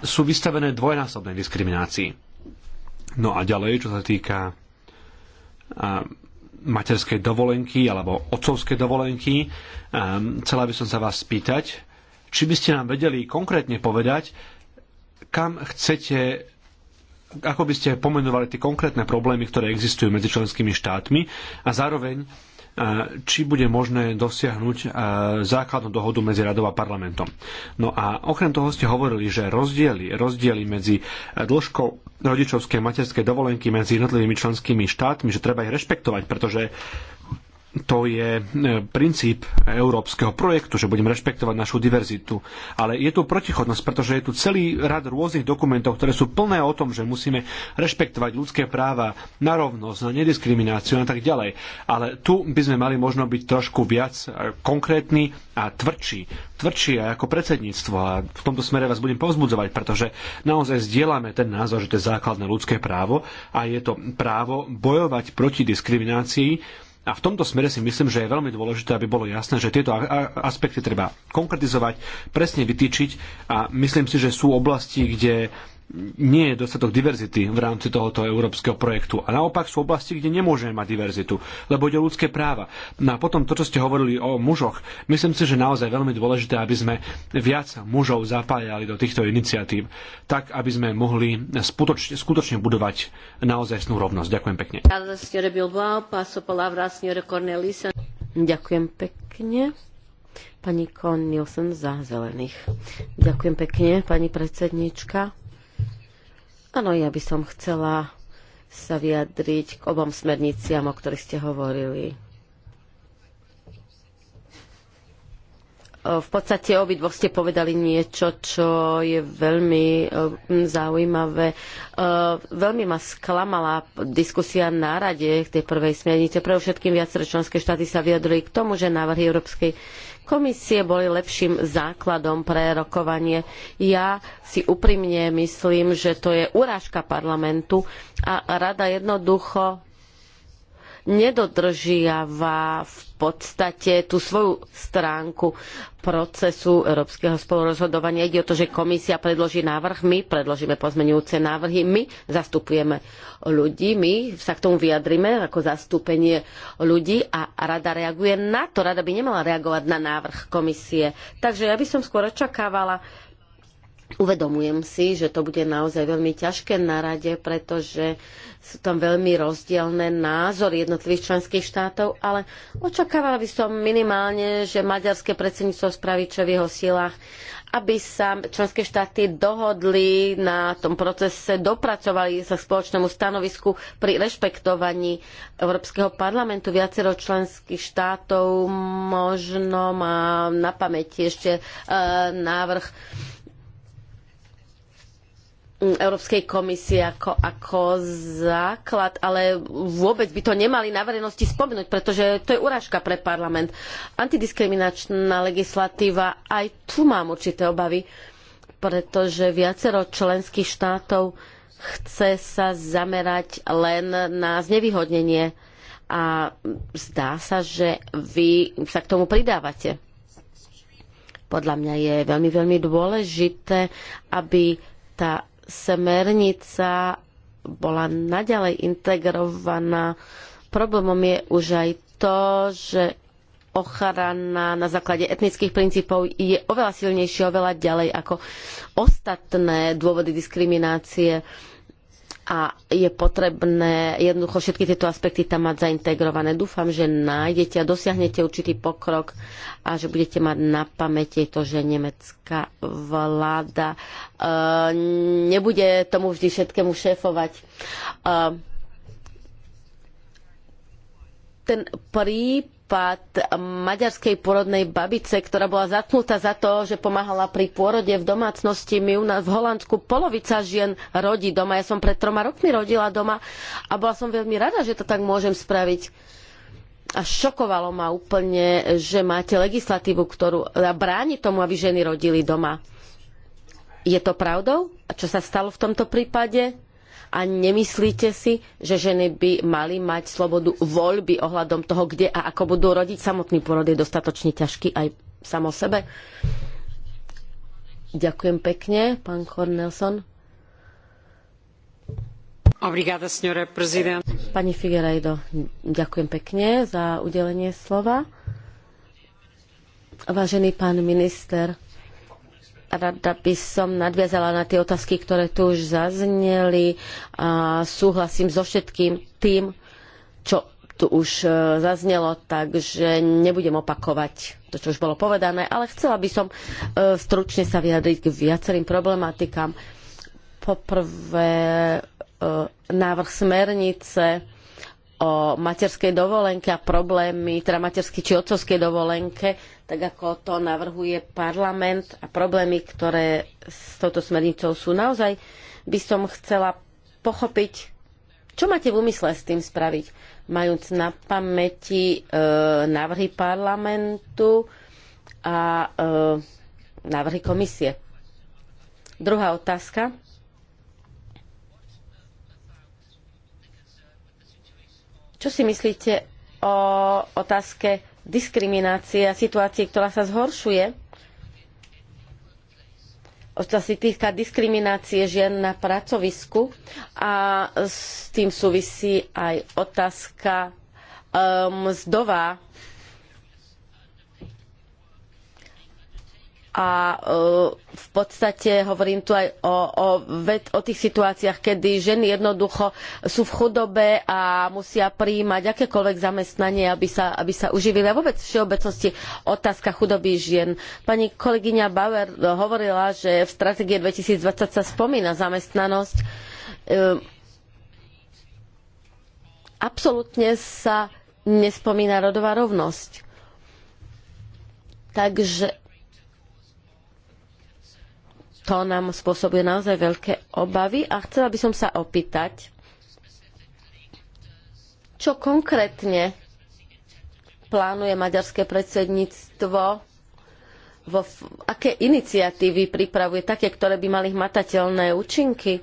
sú vystavené dvojnásobnej diskriminácii. No a ďalej, čo sa týka eh, materskej dovolenky alebo otcovskej dovolenky. Eh, chcela by som sa vás spýtať, či by ste nám vedeli konkrétne povedať, kam chcete ako by ste pomenovali tie konkrétne problémy, ktoré existujú medzi členskými štátmi a zároveň či bude možné dosiahnuť základnú dohodu medzi radou a parlamentom. No a okrem toho ste hovorili, že rozdiely, rozdiely medzi e, dĺžkou rodičovskej a materskej dovolenky medzi jednotlivými členskými štátmi, že treba ich rešpektovať, pretože to je e, princíp európskeho projektu, že budeme rešpektovať našu diverzitu. Ale je tu protichodnosť, pretože je tu celý rad rôznych dokumentov, ktoré sú plné o tom, že musíme rešpektovať ľudské práva na rovnosť, na nediskrimináciu a tak ďalej. Ale tu by sme mali možno byť trošku viac e, konkrétni a tvrdší. Tvrdší aj ako predsedníctvo a v tomto smere vás budem povzbudzovať, pretože naozaj zdieľame ten názor, že to je základné ľudské právo a je to právo bojovať proti diskriminácii a v tomto smere si myslím, že je veľmi dôležité, aby bolo jasné, že tieto aspekty treba konkretizovať, presne vytýčiť a myslím si, že sú oblasti, kde nie je dostatok diverzity v rámci tohoto európskeho projektu. A naopak sú oblasti, kde nemôžeme mať diverzitu, lebo ide o ľudské práva. No a potom to, čo ste hovorili o mužoch, myslím si, že naozaj veľmi dôležité, aby sme viac mužov zapájali do týchto iniciatív, tak aby sme mohli skutočne, skutočne budovať naozaj snú rovnosť. Ďakujem pekne. Ďakujem pekne pani Kon Nielsen za zelených. Ďakujem pekne, pani predsednička. Áno, ja by som chcela sa vyjadriť k obom smerniciam, o ktorých ste hovorili. V podstate obidvoch ste povedali niečo, čo je veľmi eh, zaujímavé. Eh, veľmi ma sklamala diskusia na rade k tej prvej smernice. Pre všetkým viaceré členské štáty sa vyjadrili k tomu, že návrhy Európskej komisie boli lepším základom pre rokovanie. Ja si úprimne myslím, že to je urážka parlamentu a rada jednoducho nedodržiava v podstate tú svoju stránku procesu európskeho spolurozhodovania. Ide o to, že komisia predloží návrh, my predložíme pozmenujúce návrhy, my zastupujeme ľudí, my sa k tomu vyjadrime ako zastúpenie ľudí a rada reaguje na to. Rada by nemala reagovať na návrh komisie. Takže ja by som skôr očakávala, Uvedomujem si, že to bude naozaj veľmi ťažké na rade, pretože sú tam veľmi rozdielne názory jednotlivých členských štátov, ale očakávala by som minimálne, že maďarské predsedníctvo spraví čo v jeho silách, aby sa členské štáty dohodli na tom procese, dopracovali sa k spoločnému stanovisku pri rešpektovaní Európskeho parlamentu. Viacero členských štátov možno má na pamäti ešte e, návrh Mm, Európskej komisie ako, ako základ, ale vôbec by to nemali na verejnosti spomenúť, pretože to je urážka pre parlament. Antidiskriminačná legislatíva, aj tu mám určité obavy, pretože viacero členských štátov chce sa zamerať len na znevýhodnenie a zdá sa, že vy sa k tomu pridávate. Podľa mňa je veľmi, veľmi dôležité, aby tá smernica bola naďalej integrovaná. Problémom je už aj to, že ochrana na základe etnických princípov je oveľa silnejšia, oveľa ďalej ako ostatné dôvody diskriminácie. Uh, a je potrebné jednoducho všetky tieto aspekty tam mať zaintegrované. Dúfam, že nájdete a dosiahnete určitý pokrok a že budete mať na pamäti to, že nemecká vláda uh, nebude tomu vždy všetkému šéfovať. Uh, ten prí, prípad maďarskej porodnej babice, ktorá bola zatknutá za to, že pomáhala pri pôrode v domácnosti. My u nás v Holandsku polovica žien rodí doma. Ja som pred troma rokmi rodila doma a bola som veľmi rada, že to tak môžem spraviť. A šokovalo ma úplne, že máte legislatívu, ktorú bráni tomu, aby ženy rodili doma. Je to pravdou? A čo sa stalo v tomto prípade? A nemyslíte si, že ženy by mali mať slobodu voľby ohľadom toho, kde a ako budú rodiť? Samotný porod je dostatočne ťažký aj samo sebe. Ďakujem pekne, pán Cornelson. Obrigada, signore prezident. Pani Figueiredo, ďakujem pekne za udelenie slova. Vážený pán minister, rada by som nadviazala na tie otázky, ktoré tu už zazneli a súhlasím so všetkým tým, čo tu už e, zaznelo, takže nebudem opakovať to, čo už bolo povedané, ale chcela by som e, stručne sa vyjadriť k viacerým problematikám. Poprvé e, návrh smernice o materskej dovolenke a problémy, teda materskej či otcovskej dovolenke, tak ako to navrhuje parlament a problémy, ktoré s touto smernicou sú. Naozaj by som chcela pochopiť, čo máte v úmysle s tým spraviť, majúc na pamäti e, návrhy parlamentu a e, návrhy komisie. Druhá otázka Čo si myslíte o otázke diskriminácie a situácii, ktorá sa zhoršuje? čo sa týka diskriminácie žien na pracovisku a s tým súvisí aj otázka um, mzdová. Um, a e, v podstate hovorím tu aj o, o, o, tých situáciách, kedy ženy jednoducho sú v chudobe a musia prijímať akékoľvek zamestnanie, aby sa, aby sa uživili. A vôbec všeobecnosti otázka chudoby žien. Pani kolegyňa Bauer hovorila, že v stratégie 2020 sa spomína zamestnanosť. E, absolútne sa nespomína rodová rovnosť. Takže to nám spôsobuje naozaj veľké obavy a chcela by som sa opýtať, čo konkrétne plánuje maďarské predsedníctvo, vo, aké iniciatívy pripravuje, také, ktoré by mali hmatateľné účinky.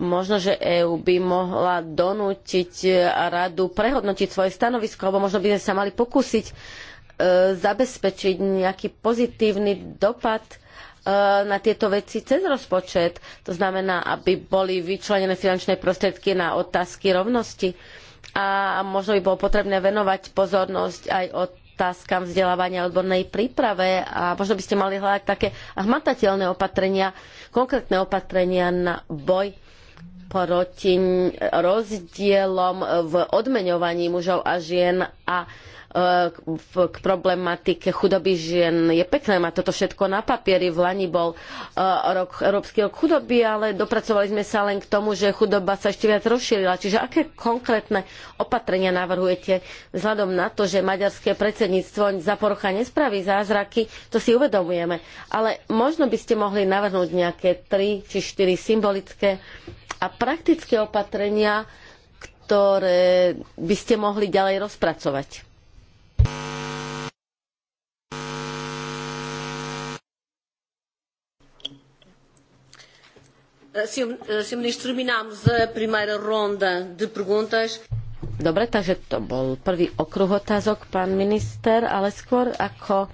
Možno, že EÚ by mohla donútiť e, radu prehodnotiť svoje stanovisko, alebo možno by sme sa mali pokúsiť e, zabezpečiť nejaký pozitívny dopad E, na tieto veci cez rozpočet. To znamená, aby boli vyčlenené finančné prostriedky na otázky rovnosti a možno by bolo potrebné venovať pozornosť aj otázkam vzdelávania odbornej príprave a možno by ste mali hľadať také hmatateľné opatrenia, konkrétne opatrenia na boj proti rozdielom v odmeňovaní mužov a žien a k problematike chudoby žien je pekné, má toto všetko na papieri. V Lani bol e, rok, Európsky rok chudoby, ale dopracovali sme sa len k tomu, že chudoba sa ešte viac rozšírila. Čiže aké konkrétne opatrenia navrhujete vzhľadom na to, že maďarské predsedníctvo za porucha nespraví zázraky, to si uvedomujeme. Ale možno by ste mohli navrhnúť nejaké tri či štyri symbolické a praktické opatrenia, ktoré by ste mohli ďalej rozpracovať. Sr. Eh, Ministro, a primeira ronda de perguntas. Dobre, takže to bol prvý okruh otázok, pán minister, ale skôr ako eh,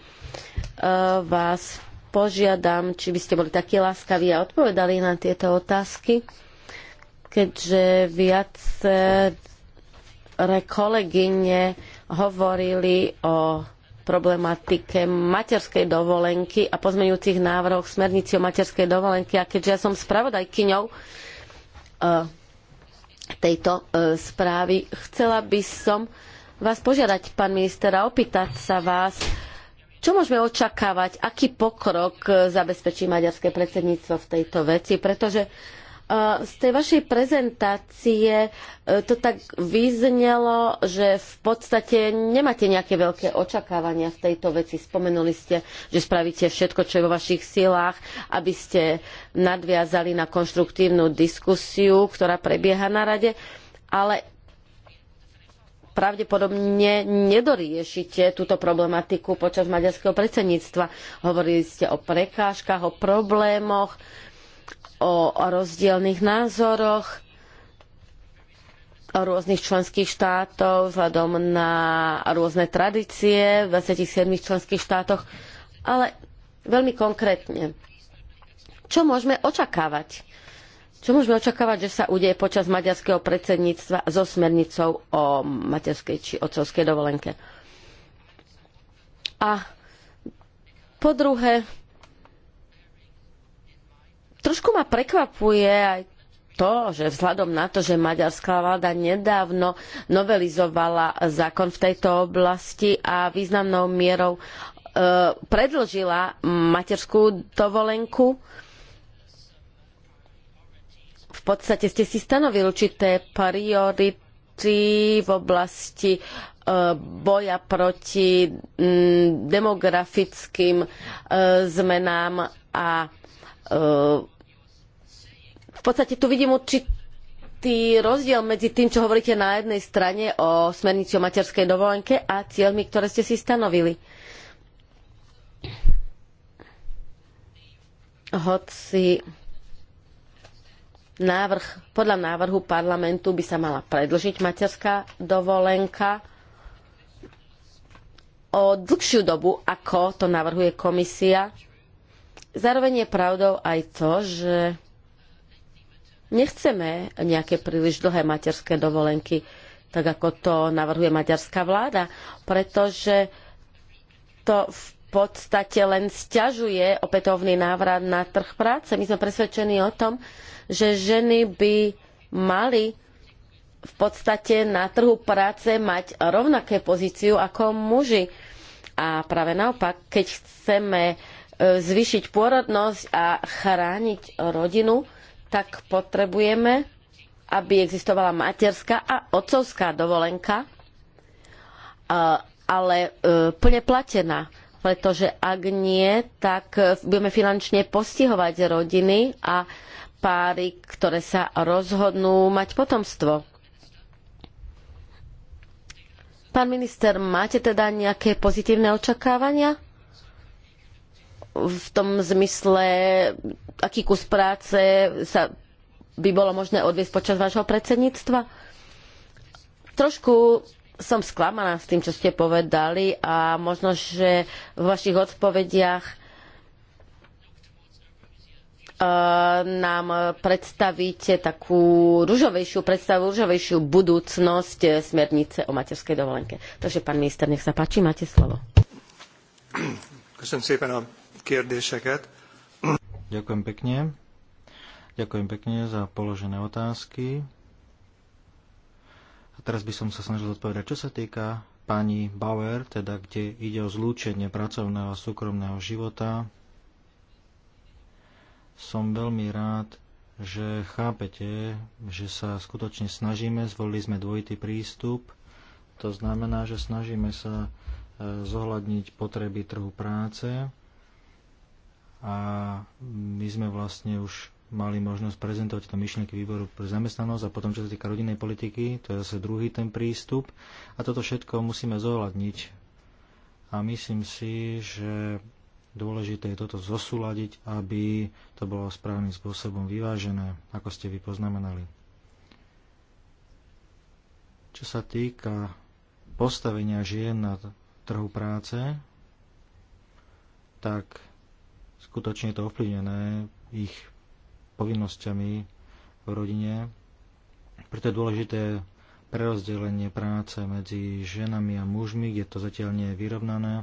vás požiadam, či by ste boli takí láskaví a odpovedali na tieto otázky, keďže viac kolegyne hovorili o problematike materskej dovolenky a pozmeňujúcich návrhoch smernici o materskej dovolenky. A keďže ja som spravodajkyňou e, tejto e, správy, chcela by som vás požiadať, pán minister, a opýtať sa vás, čo môžeme očakávať, aký pokrok e, zabezpečí maďarské predsedníctvo v tejto veci, pretože z tej vašej prezentácie e, to tak vyznelo, že v podstate nemáte nejaké veľké očakávania v tejto veci. Spomenuli ste, že spravíte všetko, čo je vo vašich silách, aby ste nadviazali na konštruktívnu diskusiu, ktorá prebieha na rade. Ale pravdepodobne nedoriešite túto problematiku počas maďarského predsedníctva. Hovorili ste o prekážkach, o problémoch, o rozdielnych názoroch rôznych členských štátov vzhľadom na rôzne tradície v 27 členských štátoch, ale veľmi konkrétne. Čo môžeme očakávať? Čo môžeme očakávať, že sa udeje počas maďarského predsedníctva so smernicou o materskej či otcovskej dovolenke? A po druhé, Trošku ma prekvapuje aj to, že vzhľadom na to, že maďarská vláda nedávno novelizovala zákon v tejto oblasti a významnou mierou e, predlžila materskú dovolenku, v podstate ste si stanovili určité priority v oblasti e, boja proti demografickým e, zmenám a Eh, v podstate tu vidím určitý rozdiel medzi tým, čo hovoríte na jednej strane o smernici o materskej dovolenke a cieľmi, ktoré ste si stanovili. Hoci návrh, podľa návrhu parlamentu by sa mala predlžiť materská dovolenka o dlhšiu dobu, ako to navrhuje komisia Zároveň je pravdou aj to, že nechceme nejaké príliš dlhé materské dovolenky, tak ako to navrhuje maďarská vláda, pretože to v podstate len sťažuje opätovný návrat na trh práce. My sme presvedčení o tom, že ženy by mali v podstate na trhu práce mať rovnaké pozíciu ako muži. A práve naopak, keď chceme zvýšiť pôrodnosť a chrániť rodinu, tak potrebujeme, aby existovala materská a otcovská dovolenka, ale e, plne platená pretože ak nie, tak e, budeme finančne postihovať rodiny a páry, ktoré sa rozhodnú mať potomstvo. Pán minister, máte teda nejaké pozitívne očakávania? v tom zmysle, aký kus práce sa by bolo možné odviesť počas vášho predsedníctva? Trošku som sklamaná s tým, čo ste povedali a možno, že v vašich odpovediach e, nám predstavíte takú ružovejšiu predstavu, ružovejšiu budúcnosť smernice o materskej dovolenke. Takže, pán minister, nech sa páči, máte slovo. Ďakujem kérdéseket. Ďakujem pekne. Ďakujem pekne za položené otázky. A teraz by som sa snažil zodpovedať, čo sa týka pani Bauer, teda kde ide o zlúčenie pracovného a súkromného života. Som veľmi rád, že chápete, že sa skutočne snažíme, zvolili sme dvojitý prístup. To znamená, že snažíme sa e, zohľadniť potreby trhu práce a my sme vlastne už mali možnosť prezentovať to myšlienky výboru pre zamestnanosť a potom, čo sa týka rodinnej politiky, to je zase druhý ten prístup a toto všetko musíme zohľadniť. A myslím si, že dôležité je toto zosúľadiť, aby to bolo správnym spôsobom vyvážené, ako ste vy poznamenali. Čo sa týka postavenia žien na trhu práce, tak skutočne to ovplyvnené ich povinnosťami v rodine. Preto je dôležité prerozdelenie práce medzi ženami a mužmi, kde to zatiaľ nie je vyrovnané.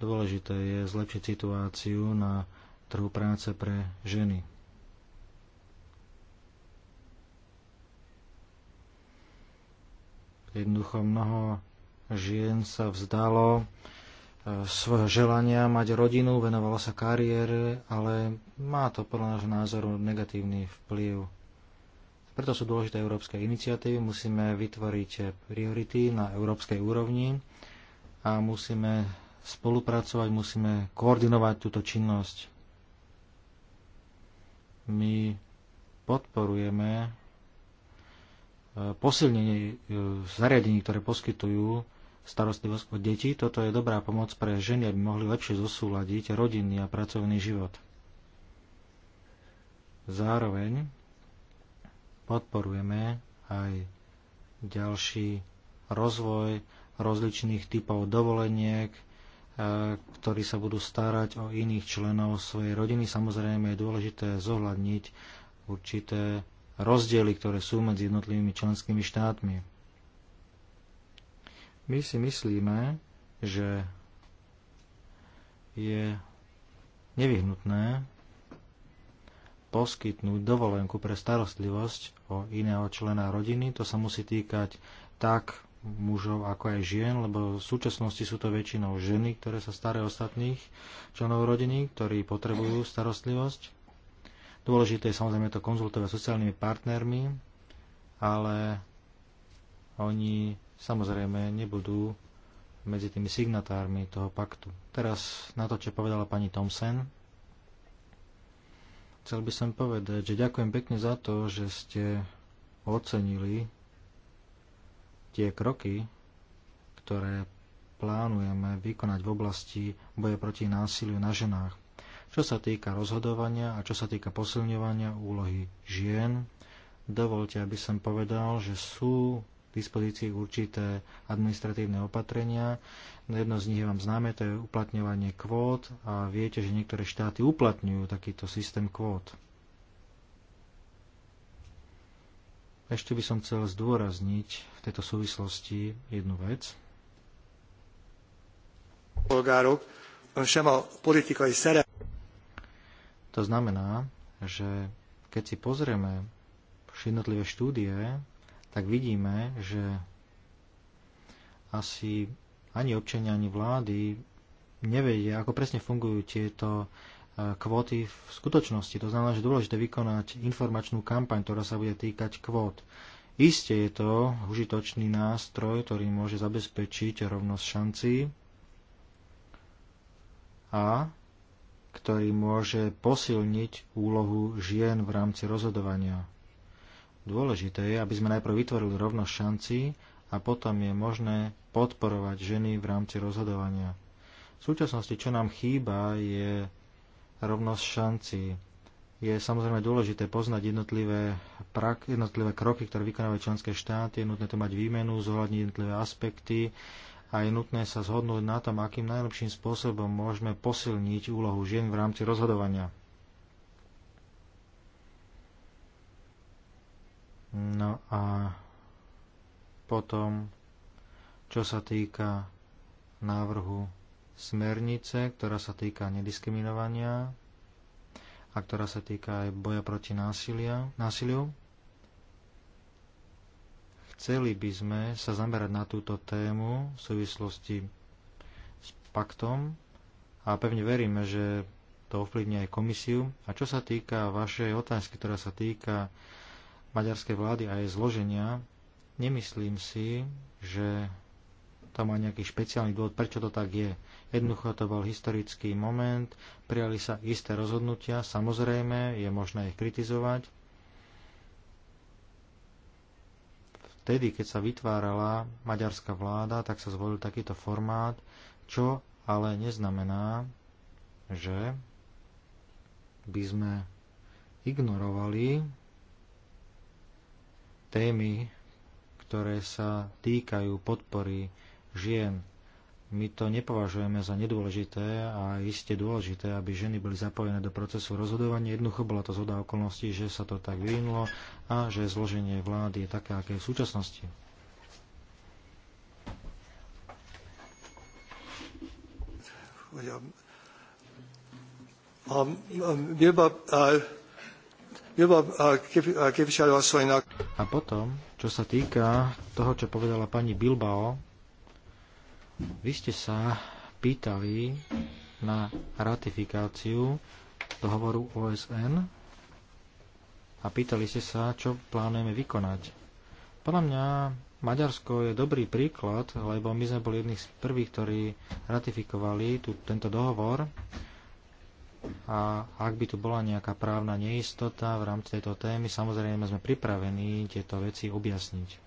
Dôležité je zlepšiť situáciu na trhu práce pre ženy. Jednoducho mnoho žien sa vzdalo svojho želania mať rodinu, venovala sa kariére, ale má to podľa nášho názoru negatívny vplyv. Preto sú dôležité európske iniciatívy, musíme vytvoriť priority na európskej úrovni a musíme spolupracovať, musíme koordinovať túto činnosť. My podporujeme eh, posilnenie eh, zariadení, ktoré poskytujú starostlivosť o deti. Toto je dobrá pomoc pre ženy, aby mohli lepšie zosúľadiť rodinný a pracovný život. Zároveň podporujeme aj ďalší rozvoj rozličných typov dovoleniek, e, ktorí sa budú starať o iných členov svojej rodiny. Samozrejme je dôležité zohľadniť určité rozdiely, ktoré sú medzi jednotlivými členskými štátmi. My si myslíme, že je nevyhnutné poskytnúť dovolenku pre starostlivosť o iného člena rodiny. To sa musí týkať tak mužov ako aj žien, lebo v súčasnosti sú to väčšinou ženy, ktoré sa starajú ostatných členov rodiny, ktorí potrebujú starostlivosť. Dôležité je samozrejme to konzultovať s sociálnymi partnermi, ale oni samozrejme nebudú medzi tými signatármi toho paktu. Teraz na to, čo povedala pani Thompson, chcel by som povedať, že ďakujem pekne za to, že ste ocenili tie kroky, ktoré plánujeme vykonať v oblasti boja proti násiliu na ženách. Čo sa týka rozhodovania a čo sa týka posilňovania úlohy žien, dovolte, aby som povedal, že sú dispozícii určité administratívne opatrenia. Jedno z nich je vám známe, to je uplatňovanie kvót a viete, že niektoré štáty uplatňujú takýto systém kvót. Ešte by som chcel zdôrazniť v tejto súvislosti jednu vec. Polgárok, sem a politikai To znamená, že keď si pozrieme jednotlivé štúdie tak vidíme, že asi ani občania, ani vlády nevedia, ako presne fungujú tieto e, kvóty v skutočnosti. To znamená, že je dôležité vykonať informačnú kampaň, ktorá sa bude týkať kvót. Isté je to užitočný nástroj, ktorý môže zabezpečiť rovnosť šancí a ktorý môže posilniť úlohu žien v rámci rozhodovania. Dôležité je, aby sme najprv vytvorili rovnosť šanci a potom je možné podporovať ženy v rámci rozhodovania. V súčasnosti, čo nám chýba, je rovnosť šanci. Je samozrejme dôležité poznať jednotlivé, prak, jednotlivé kroky, ktoré vykonávajú členské štáty, je nutné to mať výmenu, zohľadniť jednotlivé aspekty a je nutné sa zhodnúť na tom, akým najlepším spôsobom môžeme posilniť úlohu žien v rámci rozhodovania. No a potom, čo sa týka návrhu smernice, ktorá sa týka nediskriminovania a ktorá sa týka aj boja proti násilia, násiliu. Chceli by sme sa zamerať na túto tému v súvislosti s paktom a pevne veríme, že to ovplyvní aj komisiu. A čo sa týka vašej otázky, ktorá sa týka maďarskej vlády a jej zloženia, nemyslím si, že to má nejaký špeciálny dôvod, prečo to tak je. Jednoducho to bol historický moment, prijali sa isté rozhodnutia, samozrejme, je možné ich kritizovať. Vtedy, keď sa vytvárala maďarská vláda, tak sa zvolil takýto formát, čo ale neznamená, že by sme ignorovali témy, ktoré sa týkajú podpory žien. My to nepovažujeme za nedôležité a iste dôležité, aby ženy boli zapojené do procesu rozhodovania. Jednoducho bola to zhoda okolností, že sa to tak vyvinulo a že zloženie vlády je také, aké je v súčasnosti. Um, um, um, a potom, čo sa týka toho, čo povedala pani Bilbao, vy ste sa pýtali na ratifikáciu dohovoru OSN a pýtali ste sa, čo plánujeme vykonať. Podľa mňa Maďarsko je dobrý príklad, lebo my sme boli jedných z prvých, ktorí ratifikovali tento dohovor a ak by tu bola nejaká právna neistota v rámci tejto témy, samozrejme sme pripravení tieto veci objasniť.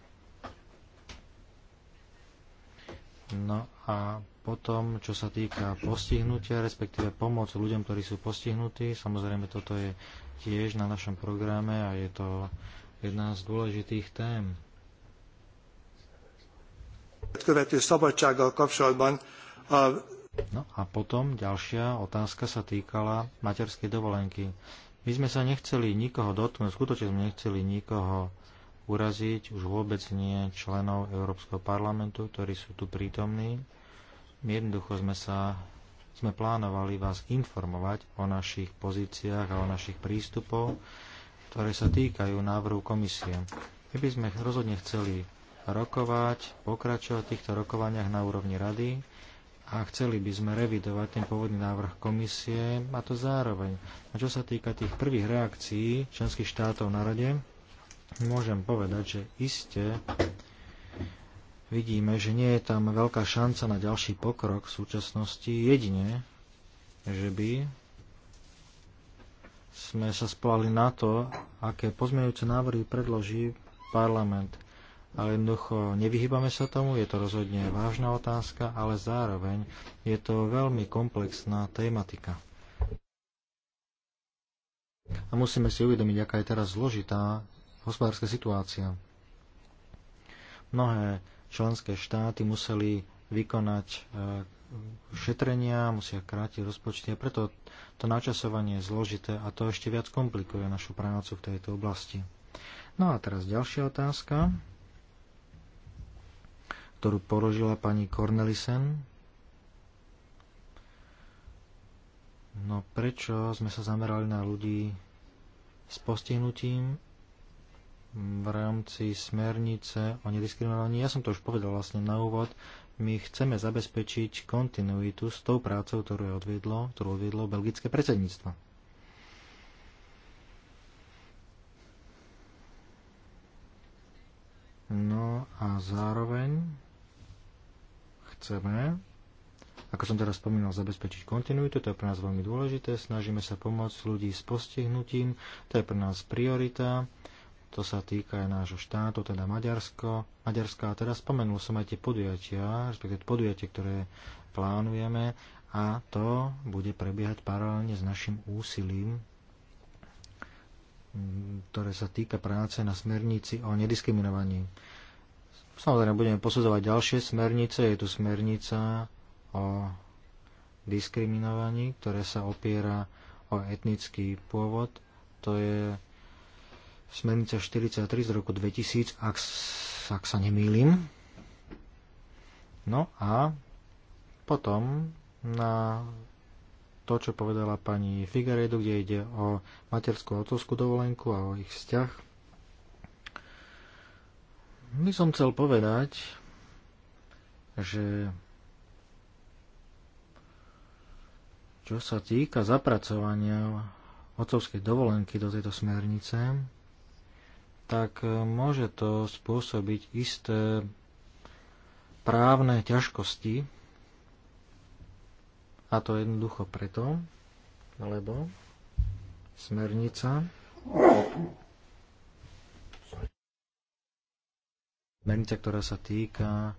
No a potom, čo sa týka postihnutia, respektíve pomoc ľuďom, ktorí sú postihnutí, samozrejme toto je tiež na našom programe a je to jedna z dôležitých tém. követő szabadsággal kapcsolatban a No a potom ďalšia otázka sa týkala materskej dovolenky. My sme sa nechceli nikoho dotknúť, skutočne sme nechceli nikoho uraziť, už vôbec nie členov Európskeho parlamentu, ktorí sú tu prítomní. my Jednoducho sme sa sme plánovali vás informovať o našich pozíciách a o našich prístupoch, ktoré sa týkajú návrhu komisie. My by sme rozhodne chceli rokovať, pokračovať v týchto rokovaniach na úrovni rady, a chceli by sme revidovať ten pôvodný návrh komisie a to zároveň. A čo sa týka tých prvých reakcií členských štátov na rade, môžem povedať, že iste vidíme, že nie je tam veľká šanca na ďalší pokrok v súčasnosti, jedine, že by sme sa spolali na to, aké pozmeňujúce návrhy predloží parlament ale jednoducho nevyhýbame sa tomu, je to rozhodne vážna otázka, ale zároveň je to veľmi komplexná tematika. A musíme si uvedomiť, aká je teraz zložitá hospodárska situácia. Mnohé členské štáty museli vykonať e, šetrenia, musia krátiť rozpočty a preto to načasovanie je zložité a to ešte viac komplikuje našu prácu v tejto oblasti. No a teraz ďalšia otázka ktorú položila pani Cornelisen. No prečo sme sa zamerali na ľudí s postihnutím v rámci smernice o nediskriminovaní? Ja som to už povedal vlastne na úvod. My chceme zabezpečiť kontinuitu s tou prácou, ktorú odviedlo, ktorú odviedlo belgické predsedníctvo. No a zároveň chceme, ako som teraz spomínal, zabezpečiť kontinuitu, to je pre nás veľmi dôležité, snažíme sa pomôcť ľudí s postihnutím, to je pre nás priorita, to sa týka aj nášho štátu, teda Maďarsko, Maďarska. A teraz spomenul som aj tie podujatia, respektíve podujatie, ktoré plánujeme a to bude prebiehať paralelne s našim úsilím, ktoré sa týka práce na smernici o nediskriminovaní. Samozrejme, budeme posudzovať ďalšie smernice. Je tu smernica o diskriminovaní, ktoré sa opiera o etnický pôvod. To je smernica 43 z roku 2000, ak, ak sa nemýlim. No a potom na to, čo povedala pani Figaredo, kde ide o materskú a otcovskú dovolenku a o ich vzťah my som chcel povedať, že čo sa týka zapracovania otcovskej dovolenky do tejto smernice, tak e, môže to spôsobiť isté právne ťažkosti. A to jednoducho preto, lebo smernica Mernica, ktorá sa týka eh,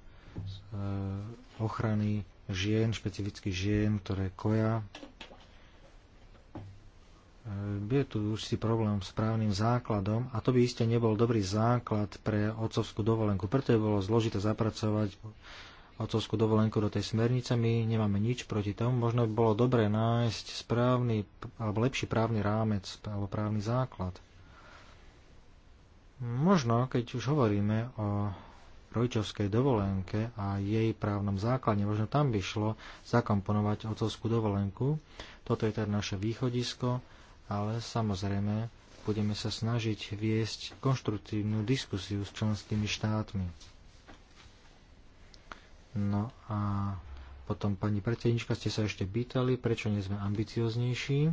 ochrany žien, špecificky žien, ktoré koja. Eh, je tu určitý problém s právnym základom a to by iste nebol dobrý základ pre otcovskú dovolenku. Preto je bolo zložité zapracovať otcovskú dovolenku do tej smernice. My nemáme nič proti tomu. Možno by bolo dobré nájsť správny alebo lepší právny rámec alebo právny základ. Možno, keď už hovoríme o rodičovskej dovolenke a jej právnom základe, možno tam by šlo zakomponovať otcovskú dovolenku. Toto je teda naše východisko, ale samozrejme budeme sa snažiť viesť konštruktívnu diskusiu s členskými štátmi. No a potom, pani predsednička, ste sa ešte pýtali, prečo nie sme ambicioznejší.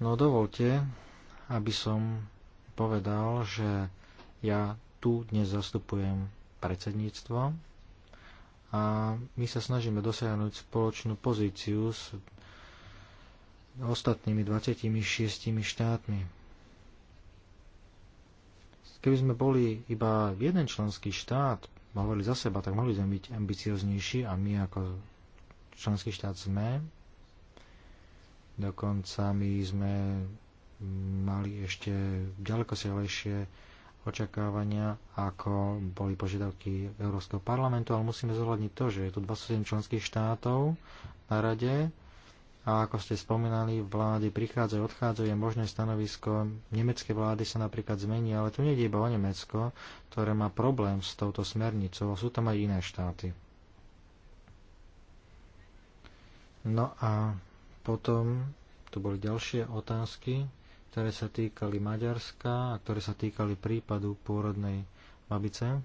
No dovolte, aby som povedal, že ja tu dnes zastupujem predsedníctvo a my sa snažíme dosiahnuť spoločnú pozíciu s ostatnými 26 štátmi. Keby sme boli iba jeden členský štát, hovorili za seba, tak mohli sme byť ambicioznejší a my ako členský štát sme. Dokonca my sme mali ešte ďaleko silnejšie očakávania, ako boli požiadavky Európskeho parlamentu, ale musíme zohľadniť to, že je tu 27 členských štátov na rade a ako ste spomínali, vlády prichádzajú, odchádzajú, je možné stanovisko Nemecké vlády sa napríklad zmení, ale tu nejde iba o Nemecko, ktoré má problém s touto smernicou, sú tam aj iné štáty. No a potom tu boli ďalšie otázky ktoré sa týkali Maďarska a ktoré sa týkali prípadu pôrodnej babice.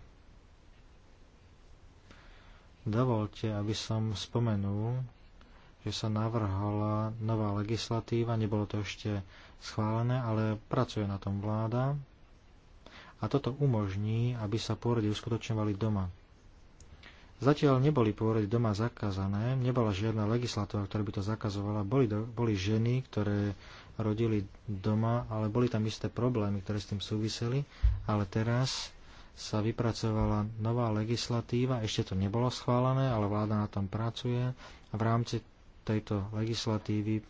Dovolte, aby som spomenul, že sa navrhala nová legislatíva, nebolo to ešte schválené, ale pracuje na tom vláda a toto umožní, aby sa pôrody uskutočňovali doma. Zatiaľ neboli pôrody doma zakázané, nebola žiadna legislatíva, ktorá by to zakazovala, boli, do, boli ženy, ktoré rodili doma, ale boli tam isté problémy, ktoré s tým súviseli, ale teraz sa vypracovala nová legislatíva, ešte to nebolo schválené, ale vláda na tom pracuje a v rámci tejto legislatívy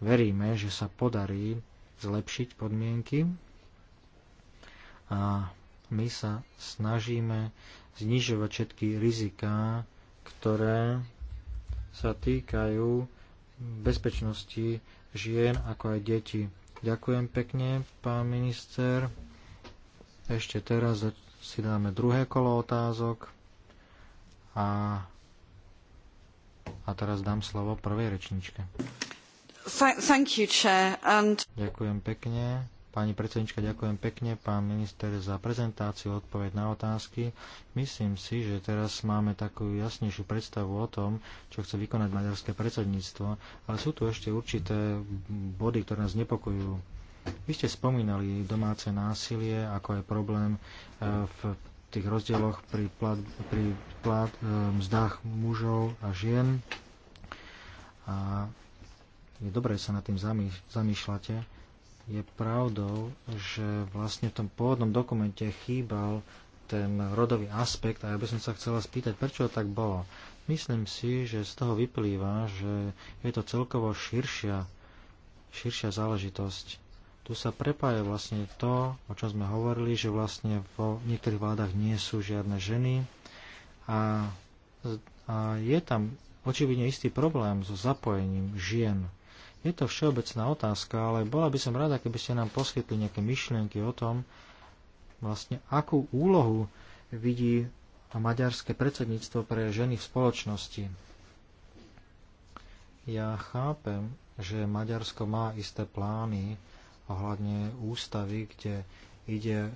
veríme, že sa podarí zlepšiť podmienky a my sa snažíme znižovať všetky riziká, ktoré sa týkajú bezpečnosti žien ako aj detí. Ďakujem pekne, pán minister. Ešte teraz si dáme druhé kolo otázok a, a teraz dám slovo prvej rečničke. Thank you, chair, and... Ďakujem pekne. Pani predsednička, ďakujem pekne, pán minister, za prezentáciu, odpoveď na otázky. Myslím si, že teraz máme takú jasnejšiu predstavu o tom, čo chce vykonať maďarské predsedníctvo, ale sú tu ešte určité body, ktoré nás nepokojujú. Vy ste spomínali domáce násilie, ako je problém e, v tých rozdieloch pri, plat, pri plat, e, mzdách mužov a žien. A je dobré, že sa nad tým zamýšľate je pravdou, že vlastne v tom pôvodnom dokumente chýbal ten rodový aspekt a ja by som sa chcela spýtať, prečo to tak bolo. Myslím si, že z toho vyplýva, že je to celkovo širšia, širšia záležitosť. Tu sa prepája vlastne to, o čom sme hovorili, že vlastne vo niektorých vládach nie sú žiadne ženy a, a je tam očividne istý problém so zapojením žien je to všeobecná otázka, ale bola by som rada, keby ste nám poskytli nejaké myšlienky o tom, vlastne akú úlohu vidí maďarské predsedníctvo pre ženy v spoločnosti. Ja chápem, že Maďarsko má isté plány ohľadne ústavy, kde ide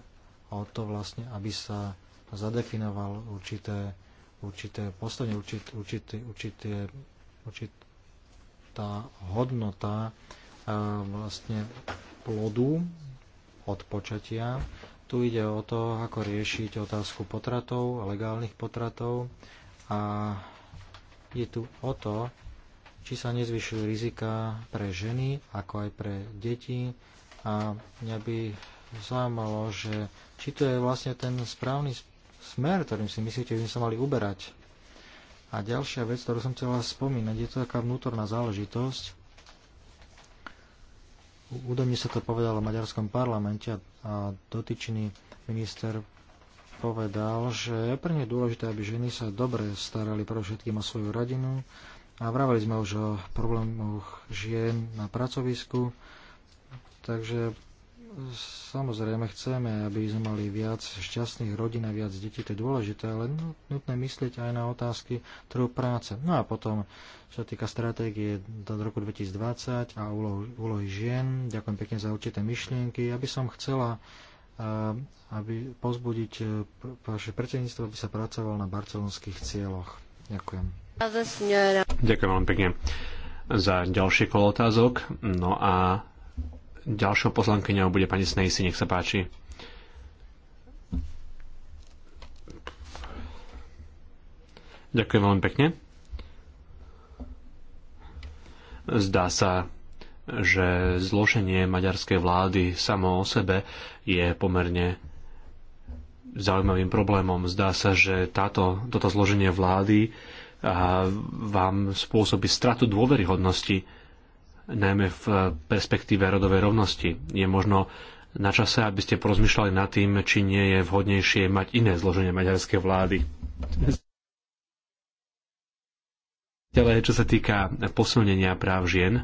o to vlastne, aby sa zadefinoval určité, určité postavenie, určit, určité, určité, určité tá hodnota e, vlastne plodu od počatia. Tu ide o to, ako riešiť otázku potratov, legálnych potratov a je tu o to, či sa nezvyšujú rizika pre ženy, ako aj pre deti. A mňa by zaujímalo, že či to je vlastne ten správny smer, ktorým si myslíte, že by sme sa mali uberať a ďalšia vec, ktorú som vás spomínať, je to taká vnútorná záležitosť. Údajne sa to povedalo v maďarskom parlamente a, a dotyčný minister povedal, že je pre ne dôležité, aby ženy sa dobre starali pre všetkým o svoju rodinu. A vravali sme už o problémoch žien na pracovisku. Takže Samozrejme chceme, aby sme mali viac šťastných rodín a viac detí, to je dôležité, ale nutné myslieť aj na otázky trhu práce. No a potom, čo sa týka stratégie do roku 2020 a úlohy, úlohy žien, ďakujem pekne za určité myšlienky. Ja by som chcela eh, aby pozbudiť eh, vaše predsedníctvo, aby sa pracovalo na barcelonských cieľoch. Ďakujem. Ďakujem veľmi pekne za ďalšie kolo otázok. No a Ďalšou poslankyňou bude pani Snejsi, nech sa páči. Ďakujem veľmi pekne. Zdá sa, že zloženie maďarskej vlády samo o sebe je pomerne zaujímavým problémom. Zdá sa, že táto, toto zloženie vlády vám spôsobí stratu dôveryhodnosti najmä v perspektíve rodovej rovnosti. Je možno na čase, aby ste porozmýšľali nad tým, či nie je vhodnejšie mať iné zloženie maďarskej vlády. Ďalej, čo sa týka posilnenia práv žien,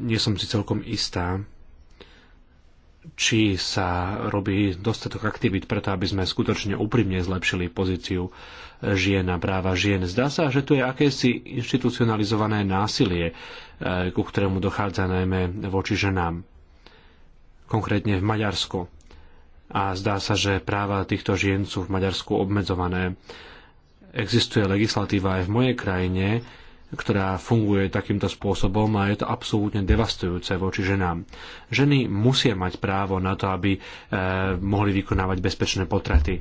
nie som si celkom istá, či sa robí dostatok aktivít preto, aby sme skutočne úprimne zlepšili pozíciu eh, žien a práva žien. Zdá sa, že tu je akési inštitucionalizované násilie, eh, ku ktorému dochádza najmä voči ženám, konkrétne v Maďarsku. A zdá sa, že práva týchto žien sú v Maďarsku obmedzované. Existuje legislatíva aj v mojej krajine, ktorá funguje takýmto spôsobom a je to absolútne devastujúce voči ženám. Ženy musia mať právo na to, aby eh, mohli vykonávať bezpečné potraty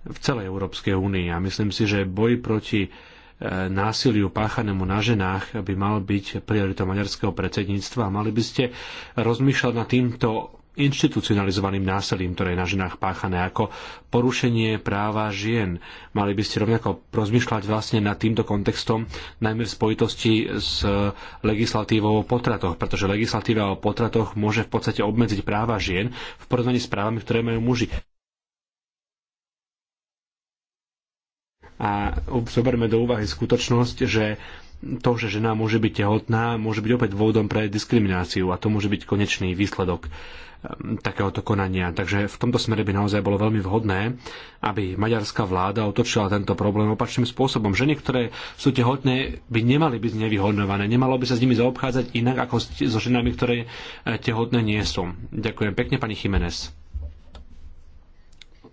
v celej Európskej únii a myslím si, že boj proti eh, násiliu páchanému na ženách by mal byť prioritou maďarského predsedníctva a mali by ste rozmýšľať nad týmto inštitucionalizovaným násilím, ktoré je na ženách páchané, ako porušenie práva žien. Mali by ste rovnako rozmýšľať vlastne nad týmto kontextom, najmä v spojitosti s legislatívou o potratoch, pretože legislatíva o potratoch môže v podstate obmedziť práva žien v porovnaní s právami, ktoré majú muži. A zoberme do úvahy skutočnosť, že to, že žena môže byť tehotná, môže byť opäť dôvodom pre diskrimináciu a to môže byť konečný výsledok um, takéhoto konania. Takže v tomto smere by naozaj bolo veľmi vhodné, aby maďarská vláda otočila tento problém opačným spôsobom. Ženy, ktoré sú tehotné, by nemali byť nevyhodnované. Nemalo by sa s nimi zaobchádzať inak ako so ženami, ktoré eh, tehotné nie sú. Ďakujem pekne, pani Chimenez.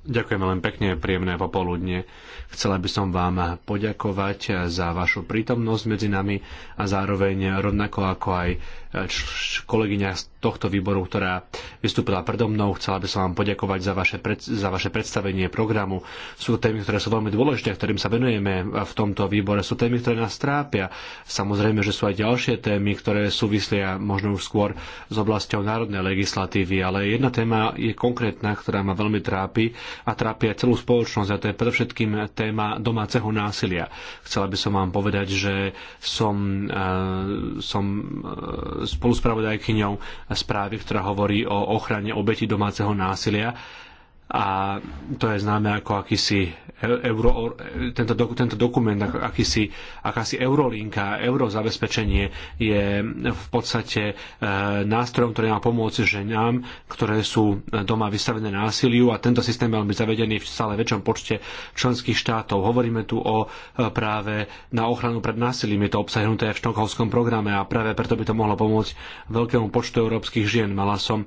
Ďakujem len pekne, príjemné popoludne. Chcela by som vám poďakovať za vašu prítomnosť medzi nami a zároveň rovnako ako aj kolegyňa z tohto výboru, ktorá vystúpila predo mnou. Chcela by som vám poďakovať za vaše, pred, za vaše predstavenie programu. Sú témy, ktoré sú veľmi dôležité, ktorým sa venujeme v tomto výbore. Sú témy, ktoré nás trápia. Samozrejme, že sú aj ďalšie témy, ktoré súvislia možno už skôr s oblasťou národnej legislatívy, ale jedna téma je konkrétna, ktorá ma veľmi trápi a trápia celú spoločnosť a to je predovšetkým téma domáceho násilia. Chcela by som vám povedať, že som, e, som e, spoluspravodajkyňou správy, ktorá hovorí o ochrane obeti domáceho násilia a to je známe ako akýsi e-, euro, tento, tento dokument, akýsi, akási eurolinka, eurozabezpečenie je v podstate e, nástrojom, ktorý má pomôcť ženám, ktoré sú doma vystavené násiliu a tento systém mal byť zavedený v stále väčšom počte členských štátov. Hovoríme tu o e, práve na ochranu pred násilím, je to obsahnuté v štokholskom programe a práve preto by to mohlo pomôcť veľkému počtu európskych žien. Mala som e,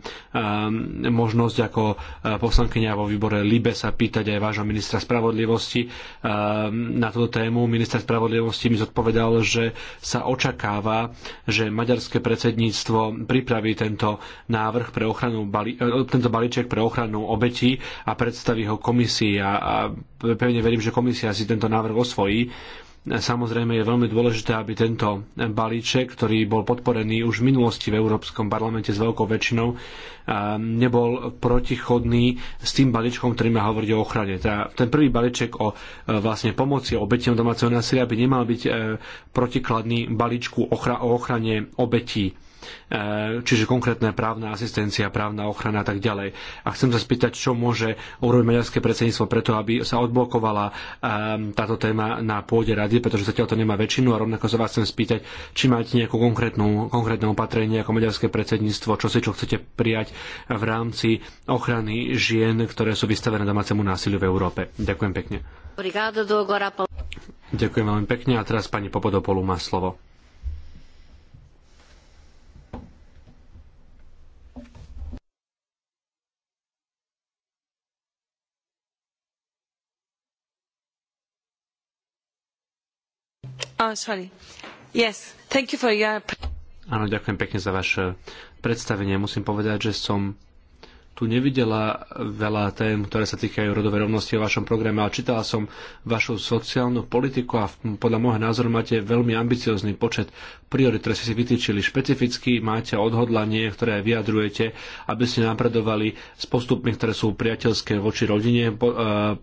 možnosť ako e, poslankyňa a vo výbore LIBE sa pýtať aj vášho ministra spravodlivosti eh, na túto tému. Minister spravodlivosti mi zodpovedal, že sa očakáva, že maďarské predsedníctvo pripraví tento návrh pre ochranu, eh, tento balíček pre ochranu obetí a predstaví ho komisii a, a pevne verím, že komisia si tento návrh osvojí Samozrejme je veľmi dôležité, aby tento balíček, ktorý bol podporený už v minulosti v Európskom parlamente s veľkou väčšinou, nebol protichodný s tým balíčkom, ktorý má hovoriť o ochrane. Tá, ten prvý balíček o e, vlastne pomoci obetiam domáceho násilia by nemal byť e, protikladný balíčku o ochrane obetí Eh, čiže konkrétna právna asistencia, právna ochrana a tak ďalej. A chcem sa spýtať, čo môže urobiť maďarské predsedníctvo preto, aby sa odblokovala eh, táto téma na pôde rady, pretože zatiaľ to nemá väčšinu a rovnako sa vás chcem spýtať, či máte nejakú konkrétnu, konkrétne opatrenie ako maďarské predsedníctvo, čo si čo chcete prijať v rámci ochrany žien, ktoré sú vystavené domácemu násiliu v Európe. Ďakujem pekne. Ďakujem veľmi pekne a teraz pani Popodopolu má slovo. Oh, Áno, ďakujem pekne za vaše predstavenie. Musím povedať, že som tu nevidela veľa tém, ktoré sa týkajú rodovej rovnosti v vašom programe, ale čítala som vašu sociálnu politiku a podľa môjho názoru máte veľmi ambiciózny počet priorit, ktoré ste si vytýčili špecificky, máte odhodlanie, ktoré vyjadrujete, aby ste napredovali s postupmi, ktoré sú priateľské voči rodine, e,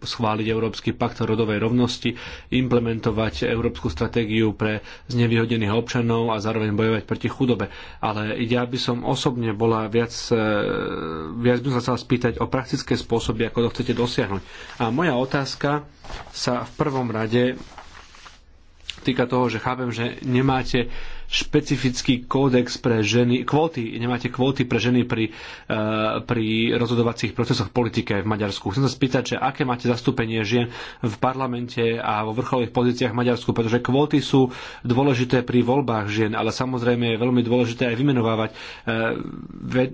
schváliť Európsky pakt rodovej rovnosti, implementovať Európsku stratégiu pre znevýhodnených občanov a zároveň bojovať proti chudobe. Ale ja by som osobne bola viac, e, viac by som sa chcel spýtať o praktické spôsoby, ako to chcete dosiahnuť. A moja otázka sa v prvom rade týka toho, že chápem, že nemáte špecifický kódex pre ženy, kvóty, nemáte kvóty pre ženy pri, e, pri rozhodovacích procesoch politike v Maďarsku. Chcem sa spýtať, že aké máte zastúpenie žien v parlamente a vo vrcholových pozíciách v Maďarsku, pretože kvóty sú dôležité pri voľbách žien, ale samozrejme je veľmi dôležité aj vymenovávať e,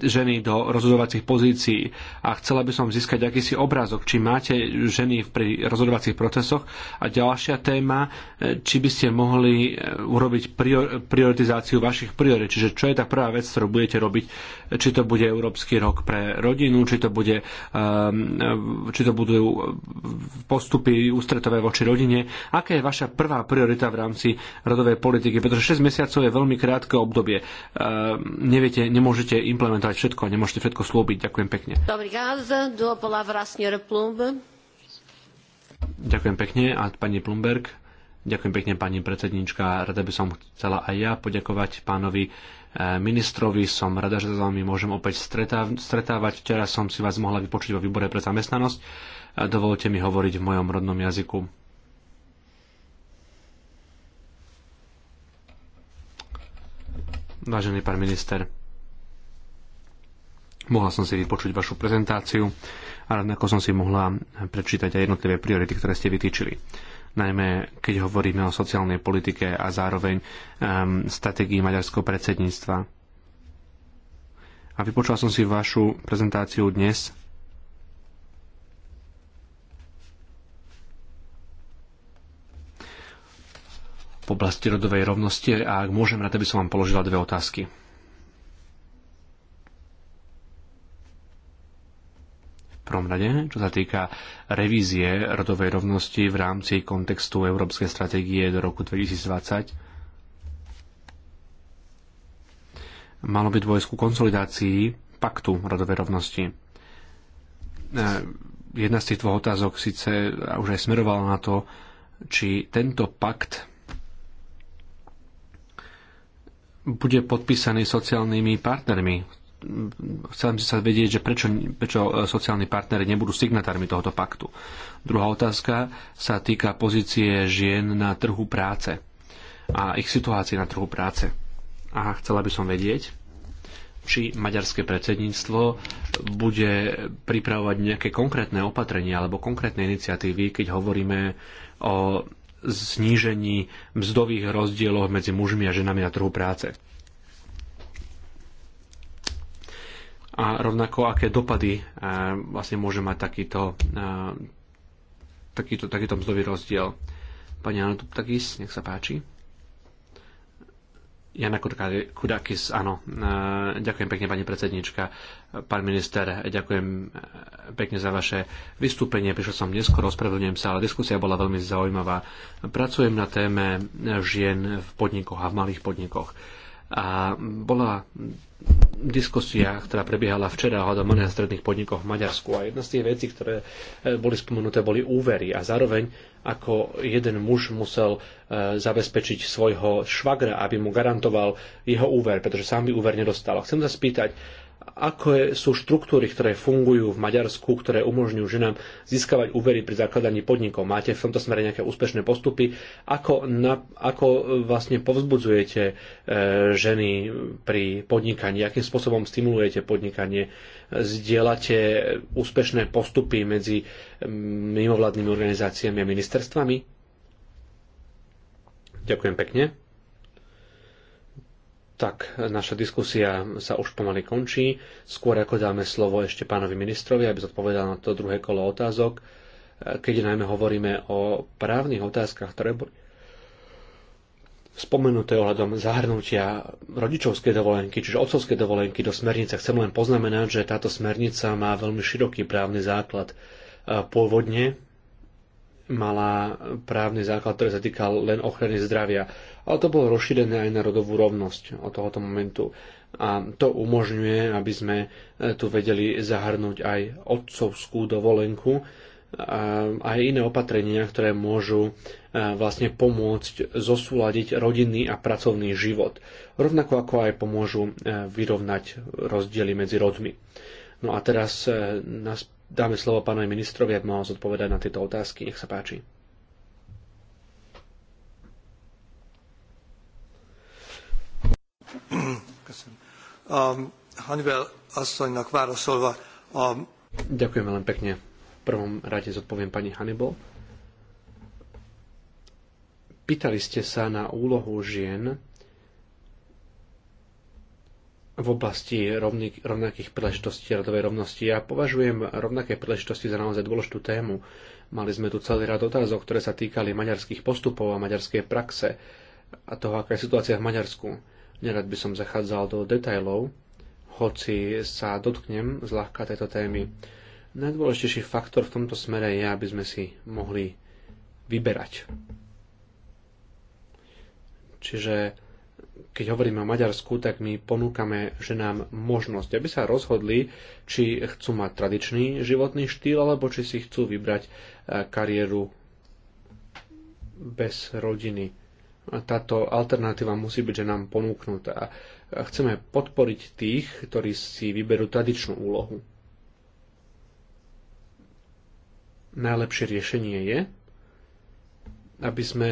ženy do rozhodovacích pozícií. A chcela by som získať akýsi obrázok, či máte ženy pri rozhodovacích procesoch. A ďalšia téma, e, či by ste mohli urobiť prior, prior prioritizáciu vašich priorit. Čiže čo je tá prvá vec, ktorú budete robiť? Či to bude Európsky rok pre rodinu, či to, bude, ehm, či to budú postupy ústretové voči rodine. Aká je vaša prvá priorita v rámci rodovej politiky? Pretože 6 mesiacov je veľmi krátke obdobie. Ehm, neviete, nemôžete implementovať všetko, nemôžete všetko slúbiť. Ďakujem pekne. Ďakujem pekne a pani Plumberg. Ďakujem pekne pani predsednička. Rada by som chcela aj ja poďakovať pánovi eh, ministrovi. Som rada, že sa s vami môžem opäť stretávať. Včera som si vás mohla vypočuť vo výbore pre zamestnanosť. Eh, dovolte mi hovoriť v mojom rodnom jazyku. Vážený pán minister, mohla som si vypočuť vašu prezentáciu a rovnako som si mohla eh, prečítať aj jednotlivé priority, ktoré ste vytýčili najmä keď hovoríme o sociálnej politike a zároveň um, stratégii maďarského predsedníctva. A vypočul som si vašu prezentáciu dnes v oblasti rodovej rovnosti a ak môžem, rád by som vám položila dve otázky. prvom rade, čo sa týka revízie rodovej rovnosti v rámci kontextu Európskej stratégie do roku 2020. Malo by dôjsť ku konsolidácii paktu rodovej rovnosti. E, jedna z tých dvoch otázok síce už aj smerovala na to, či tento pakt bude podpísaný sociálnymi partnermi, chcem by sa vedieť, že prečo, prečo e, sociálni partnery nebudú signatármi tohoto paktu. Druhá otázka sa týka pozície žien na trhu práce a ich situácie na trhu práce. A chcela by som vedieť, či maďarské predsedníctvo bude pripravovať nejaké konkrétne opatrenia alebo konkrétne iniciatívy, keď hovoríme o znížení mzdových rozdielov medzi mužmi a ženami na trhu práce. a rovnako aké dopady eh, vlastne môže mať takýto, eh, takýto, takýto mzdový rozdiel. Pani Tuptakis, nech sa páči. Jana Kudakis, áno. Eh, ďakujem pekne, pani predsednička. Pán minister, ďakujem pekne za vaše vystúpenie. Prišiel som neskoro, ospravedlňujem sa, ale diskusia bola veľmi zaujímavá. Pracujem na téme žien v podnikoch a v malých podnikoch a bola diskusia, ktorá prebiehala včera o malých a stredných podnikoch v Maďarsku. A jedna z tých vecí, ktoré e, boli spomenuté, boli úvery. A zároveň, ako jeden muž musel e, zabezpečiť svojho švagra, aby mu garantoval jeho úver, pretože sám by úver nedostal. chcem sa spýtať, ako sú štruktúry, ktoré fungujú v Maďarsku, ktoré umožňujú ženám získavať úvery pri zakladaní podnikov. Máte v tomto smere nejaké úspešné postupy? Ako, na, ako vlastne povzbudzujete e, ženy pri podnikaní? Akým spôsobom stimulujete podnikanie? Zdieľate úspešné postupy medzi mimovládnymi organizáciami a ministerstvami? Ďakujem pekne. Tak, naša diskusia sa už pomaly končí. Skôr ako dáme slovo ešte pánovi ministrovi, aby zodpovedal na to druhé kolo otázok, keď najmä hovoríme o právnych otázkach, ktoré boli spomenuté ohľadom zahrnutia rodičovskej dovolenky, čiže otcovskej dovolenky do smernice. Chcem len poznamenať, že táto smernica má veľmi široký právny základ. Pôvodne mala právny základ, ktorý sa týkal len ochrany zdravia ale to bolo rozšírené aj na rodovú rovnosť od tohoto momentu. A to umožňuje, aby sme e, tu vedeli zahrnúť aj otcovskú dovolenku, aj iné opatrenia, ktoré môžu e, vlastne pomôcť zosúľadiť rodinný a pracovný život. Rovnako ako aj pomôžu e, vyrovnať rozdiely medzi rodmi. No a teraz nás dáme slovo pánovi ministrovi, aby mohol zodpovedať na tieto otázky. Nech sa páči. asszonynak válaszolva Ďakujem veľmi pekne. V prvom rade zodpoviem pani Hannibal. Pýtali ste sa na úlohu žien v oblasti rovnakých príležitostí radovej rovnosti. Ja považujem rovnaké príležitosti za naozaj dôležitú tému. Mali sme tu celý rad otázok, ktoré sa týkali maďarských postupov a maďarskej praxe a toho, aká je situácia v Maďarsku. Nerad by som zachádzal do detajlov, hoci sa dotknem zľahka tejto témy. Najdôležitejší faktor v tomto smere je, aby sme si mohli vyberať. Čiže keď hovoríme o Maďarsku, tak my ponúkame ženám možnosť, aby sa rozhodli, či chcú mať tradičný životný štýl, alebo či si chcú vybrať eh, kariéru bez rodiny táto alternatíva musí byť že nám ponúknutá. Chceme podporiť tých, ktorí si vyberú tradičnú úlohu. Najlepšie riešenie je, aby sme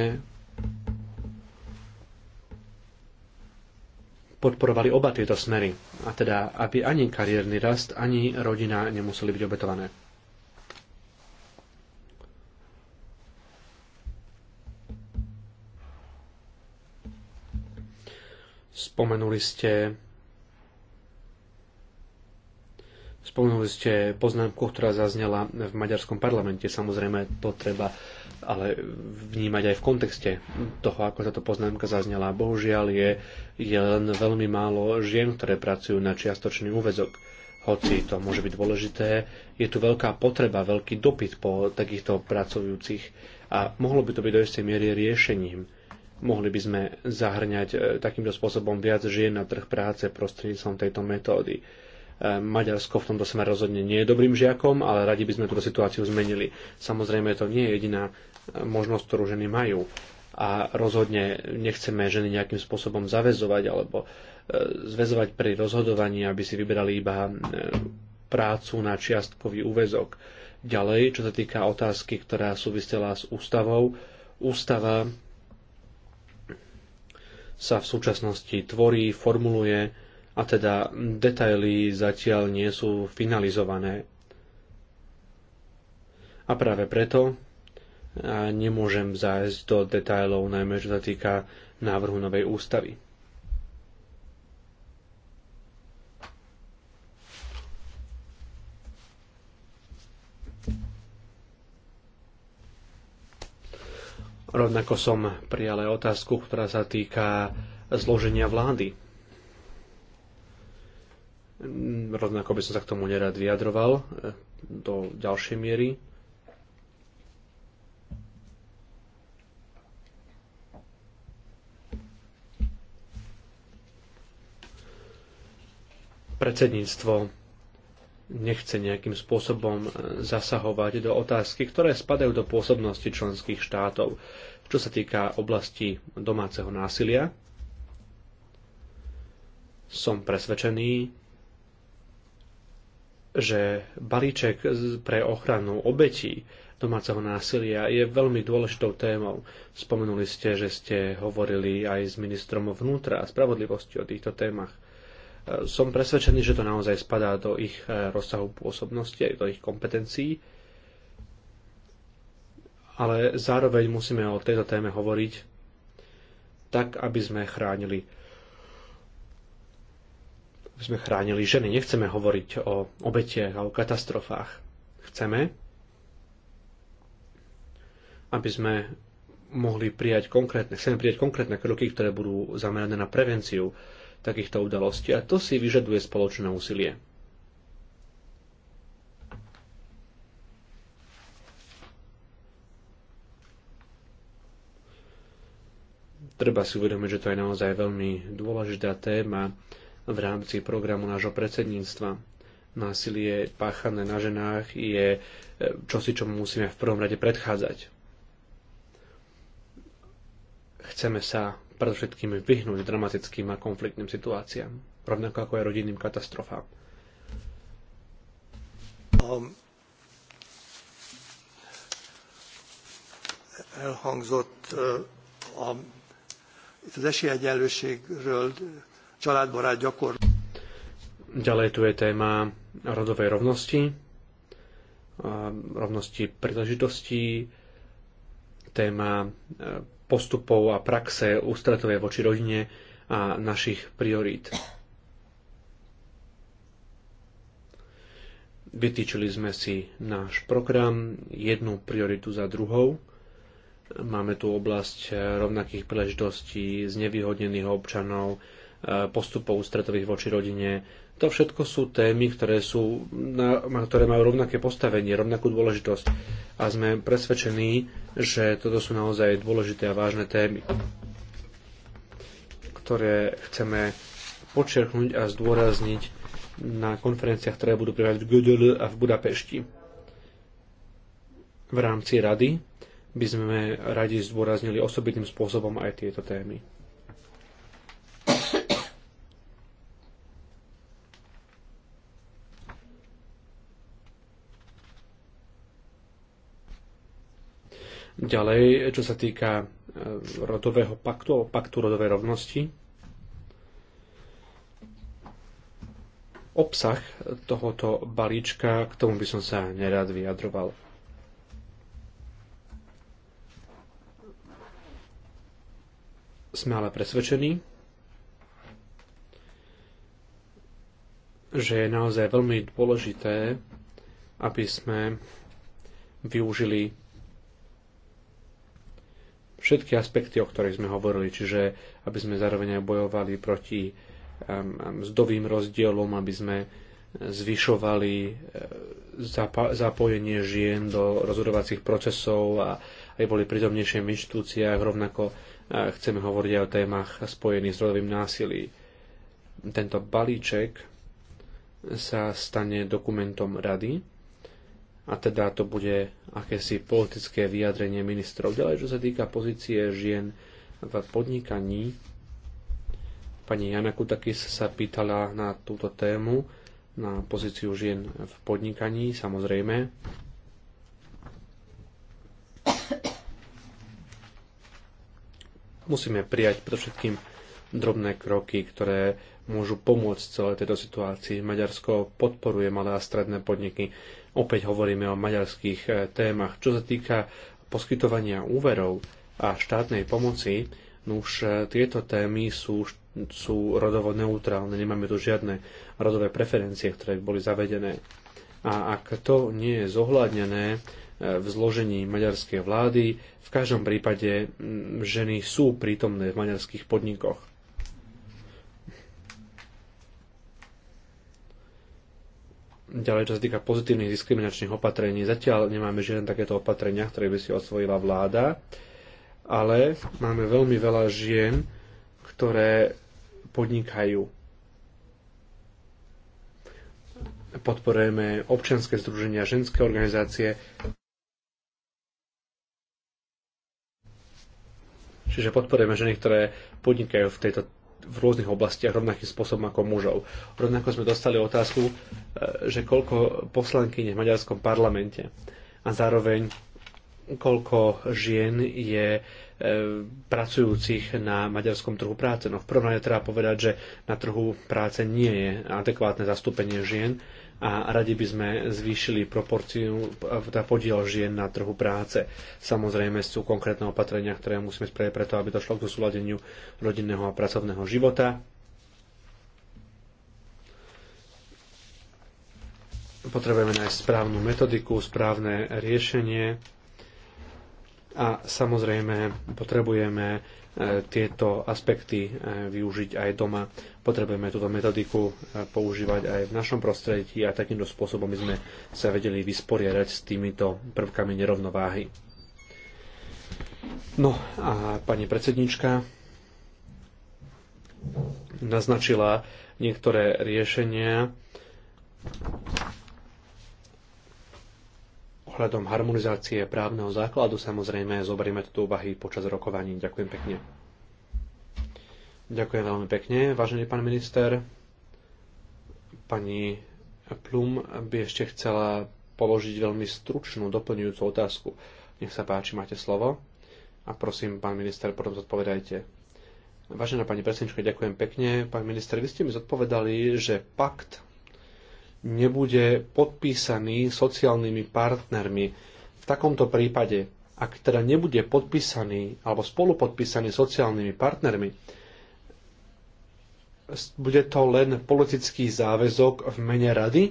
podporovali oba tieto smery, a teda aby ani kariérny rast, ani rodina nemuseli byť obetované. Spomenuli ste Spomenuli ste poznámku, ktorá zaznela v maďarskom parlamente. Samozrejme, to treba ale vnímať aj v kontexte toho, ako táto poznámka zaznela. Bohužiaľ je, je len veľmi málo žien, ktoré pracujú na čiastočný úvezok. Hoci to môže byť dôležité, je tu veľká potreba, veľký dopyt po takýchto pracujúcich a mohlo by to byť do istej miery riešením Mohli by sme zahrňať e, takýmto spôsobom viac žien na trh práce prostredníctvom tejto metódy. E, Maďarsko v tomto smere rozhodne nie je dobrým žiakom, ale radi by sme túto situáciu zmenili. Samozrejme, to nie je jediná e, možnosť, ktorú ženy majú. A rozhodne nechceme ženy nejakým spôsobom zavezovať alebo zväzovať pri rozhodovaní, aby si vyberali iba prácu na čiastkový úvezok. Ďalej, čo sa týka otázky, ktorá súvisela s ústavou, ústava sa v súčasnosti tvorí, formuluje a teda detaily zatiaľ nie sú finalizované. A práve preto nemôžem zájsť do detailov, najmä čo sa týka návrhu novej ústavy. Rovnako som prijal aj otázku, ktorá sa týka zloženia vlády. Mm, rovnako by som sa k tomu nerad vyjadroval e, do ďalšej miery. Predsedníctvo nechce nejakým spôsobom e, zasahovať do otázky, ktoré spadajú do pôsobnosti členských štátov, čo sa týka oblasti domáceho násilia. Som presvedčený, že balíček pre ochranu obetí domáceho násilia je veľmi dôležitou témou. Spomenuli ste, že ste hovorili aj s ministrom vnútra a spravodlivosti o týchto témach. E, som presvedčený, že to naozaj spadá do ich e, rozsahu pôsobnosti aj do ich kompetencií. Ale zároveň musíme o tejto téme hovoriť tak, aby sme chránili aby sme chránili ženy. Nechceme hovoriť o obetiach a o katastrofách. Chceme, aby sme mohli prijať konkrétne, chceme prijať konkrétne kroky, ktoré budú zamerané na prevenciu, takýchto udalostí a to si vyžaduje spoločné úsilie. Treba si uvedomiť, že to je naozaj veľmi dôležitá téma v rámci programu nášho predsedníctva. Násilie páchané na ženách je e, čosi, čo musíme v prvom rade predchádzať. Chceme sa predovšetkým vyhnúť dramatickým a konfliktným situáciám, rovnako ako aj rodinným katastrofám. Um, elhangzott uh, a, um, itt az esélyegyenlőségről családbarát gyakor. Ďalej tu je téma rodovej rovnosti, uh, rovnosti príležitostí, téma uh, postupov a praxe ústretovej voči rodine a našich priorít. Vytýčili sme si náš program, jednu prioritu za druhou. Máme tu oblasť e, rovnakých príležitostí, znevýhodnených občanov, e, postupov stretových voči rodine, to všetko sú témy, ktoré, sú, na, ktoré majú rovnaké postavenie, rovnakú dôležitosť a sme presvedčení, že toto sú naozaj dôležité a vážne témy, ktoré chceme počerknúť a zdôrazniť na konferenciách, ktoré budú prebiehať v Gödel a v Budapešti. V rámci rady by sme radi zdôraznili osobitným spôsobom aj tieto témy. Ďalej, čo sa týka e, rodového paktu, paktu rodovej rovnosti, obsah tohoto balíčka, k tomu by som sa nerád vyjadroval. Sme ale presvedčení, že je naozaj veľmi dôležité, aby sme využili všetky aspekty, o ktorých sme hovorili, čiže aby sme zároveň aj bojovali proti um, um, mzdovým rozdielom, aby sme uh, zvyšovali uh, zapojenie žien do rozhodovacích procesov a aj boli prizomnejšie v inštitúciách. Rovnako uh, chceme hovoriť aj o témach spojených s rodovým násilí. Tento balíček sa stane dokumentom rady a teda to bude akési politické vyjadrenie ministrov. Ďalej, čo sa týka pozície žien v podnikaní, pani Jana Kutakis sa pýtala na túto tému, na pozíciu žien v podnikaní, samozrejme. Musíme prijať všetkým drobné kroky, ktoré môžu pomôcť celej tejto situácii. Maďarsko podporuje malé a stredné podniky. Opäť hovoríme o maďarských eh, témach. Čo sa týka poskytovania úverov a štátnej pomoci, no už eh, tieto témy sú, sú rodovo neutrálne. Nemáme tu žiadne rodové preferencie, ktoré boli zavedené. A ak to nie je zohľadnené, eh, v zložení maďarskej vlády. V každom prípade mm, ženy sú prítomné v maďarských podnikoch. Ďalej, čo sa týka pozitívnych diskriminačných opatrení, zatiaľ nemáme žiadne takéto opatrenia, ktoré by si osvojila vláda, ale máme veľmi veľa žien, ktoré podnikajú. Podporujeme občianske združenia, ženské organizácie. Čiže podporujeme ženy, ktoré podnikajú v tejto v rôznych oblastiach rovnakým spôsobom ako mužov. Rovnako sme dostali otázku, e, že koľko poslanky je v maďarskom parlamente a zároveň koľko žien je e, pracujúcich na maďarskom trhu práce. No v prvom rade treba povedať, že na trhu práce nie je adekvátne zastúpenie žien a radi by sme zvýšili proporciu, tá podiel žien na trhu práce. Samozrejme sú konkrétne opatrenia, ktoré musíme spraviť preto, aby došlo k zosúladeniu rodinného a pracovného života. Potrebujeme nájsť správnu metodiku, správne riešenie a samozrejme potrebujeme E, tieto aspekty e, využiť aj doma. Potrebujeme túto metodiku e, používať aj v našom prostredí a takýmto spôsobom by sme sa vedeli vysporiadať s týmito prvkami nerovnováhy. No a pani predsednička naznačila niektoré riešenia, Ohľadom harmonizácie právneho základu samozrejme zoberieme to úvahy počas rokovaní. Ďakujem pekne. Ďakujem veľmi pekne, vážený pán minister. Pani Plum by ešte chcela položiť veľmi stručnú doplňujúcu otázku. Nech sa páči, máte slovo. A prosím, pán minister, potom zodpovedajte. Vážená pani predsednička, ďakujem pekne. Pán minister, vy ste mi zodpovedali, že pakt nebude podpísaný sociálnymi partnermi. V takomto prípade, ak teda nebude podpísaný alebo spolupodpísaný sociálnymi partnermi, bude to len politický záväzok v mene rady,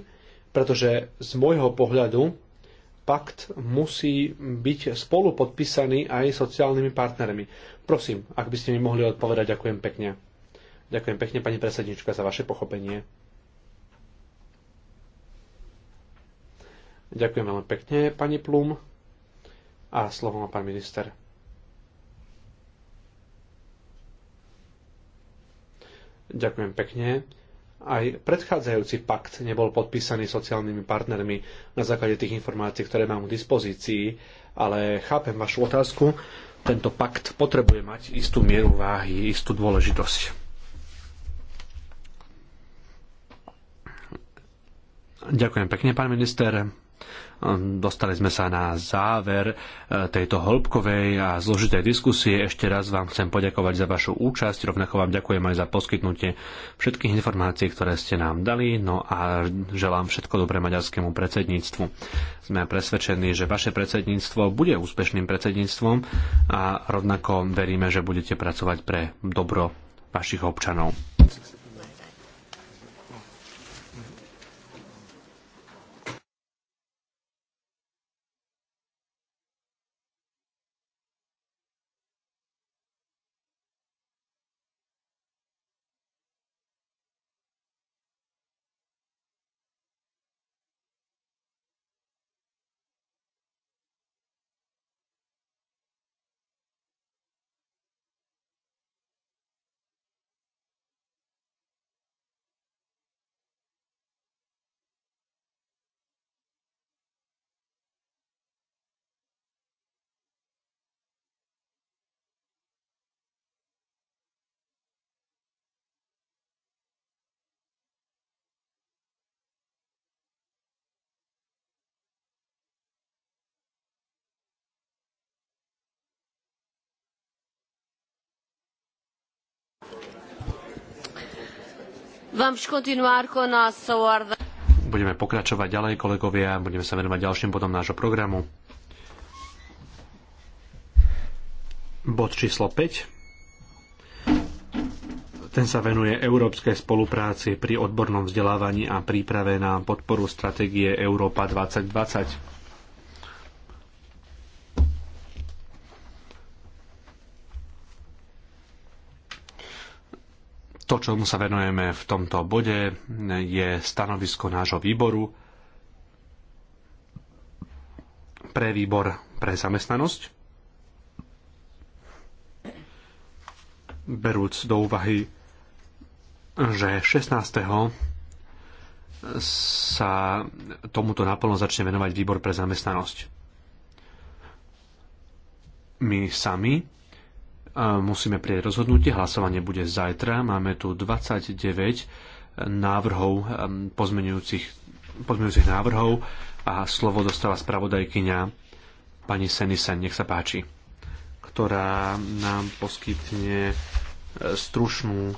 pretože z môjho pohľadu pakt musí byť spolu podpísaný aj sociálnymi partnermi. Prosím, ak by ste mi mohli odpovedať, ďakujem pekne. Ďakujem pekne, pani predsednička, za vaše pochopenie. Ďakujem veľmi pekne, pani Plum. A slovo má pán minister. Ďakujem pekne. Aj predchádzajúci pakt nebol podpísaný sociálnymi partnermi na základe tých informácií, ktoré mám k dispozícii, ale chápem vašu otázku. Tento pakt potrebuje mať istú mieru váhy, istú dôležitosť. Ďakujem pekne, pán minister. Dostali sme sa na záver e, tejto hĺbkovej a zložitej diskusie. Ešte raz vám chcem poďakovať za vašu účasť, rovnako vám ďakujem aj za poskytnutie všetkých informácií, ktoré ste nám dali, no a želám všetko dobré maďarskému predsedníctvu. Sme presvedčení, že vaše predsedníctvo bude úspešným predsedníctvom a rovnako veríme, že budete pracovať pre dobro vašich občanov. Budeme pokračovať ďalej, kolegovia. Budeme sa venovať ďalším bodom nášho programu. Bod číslo 5. Ten sa venuje európskej spolupráci pri odbornom vzdelávaní a príprave na podporu stratégie Európa 2020. To, čomu sa venujeme v tomto bode, je stanovisko nášho výboru pre výbor pre zamestnanosť. Berúc do úvahy, že 16 sa tomuto naplno začne venovať výbor pre zamestnanosť. My sami musíme prieť rozhodnutie. Hlasovanie bude zajtra. Máme tu 29 návrhov pozmenujúcich, pozmenujúcich návrhov a slovo dostala spravodajkyňa pani Senisen, nech sa páči, ktorá nám poskytne e, stručnú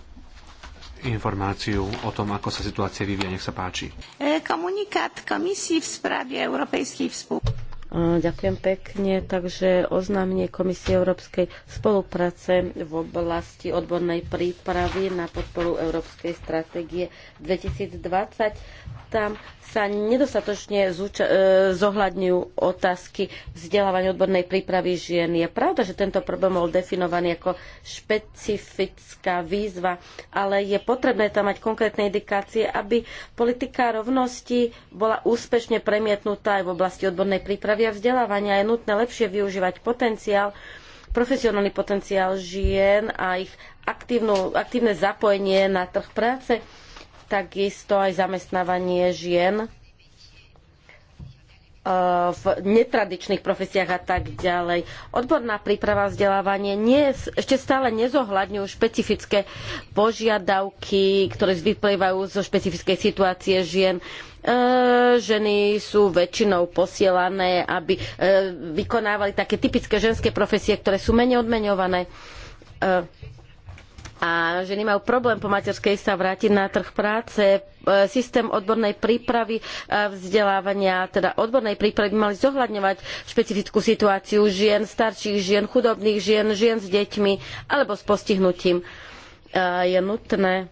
informáciu o tom, ako sa situácia vyvíja. Nech sa páči. E, komunikát komisii v správe Európejskej spolupráce Ďakujem pekne. Takže oznámenie Komisie Európskej spolupráce v oblasti odbornej prípravy na podporu Európskej stratégie 2020. Tam sa nedostatočne e, zohľadňujú otázky vzdelávania odbornej prípravy žien. Je pravda, že tento problém bol definovaný ako špecifická výzva, ale je potrebné tam mať konkrétne indikácie, aby politika rovnosti bola úspešne premietnutá aj v oblasti odbornej prípravy zdravia, vzdelávania je nutné lepšie využívať potenciál, profesionálny potenciál žien a ich aktívnu, aktívne zapojenie na trh práce, takisto aj zamestnávanie žien v netradičných profesiách a tak ďalej. Odborná príprava vzdelávanie nie, ešte stále nezohľadňujú špecifické požiadavky, ktoré vyplývajú zo špecifickej situácie žien. E, ženy sú väčšinou posielané, aby e, vykonávali také typické ženské profesie, ktoré sú menej odmeňované e, a ženy majú problém po materskej sa vrátiť na trh práce. E, systém odbornej prípravy e, vzdelávania, teda odbornej prípravy by mali zohľadňovať špecifickú situáciu žien, starších žien, chudobných žien, žien s deťmi alebo s postihnutím. E, je nutné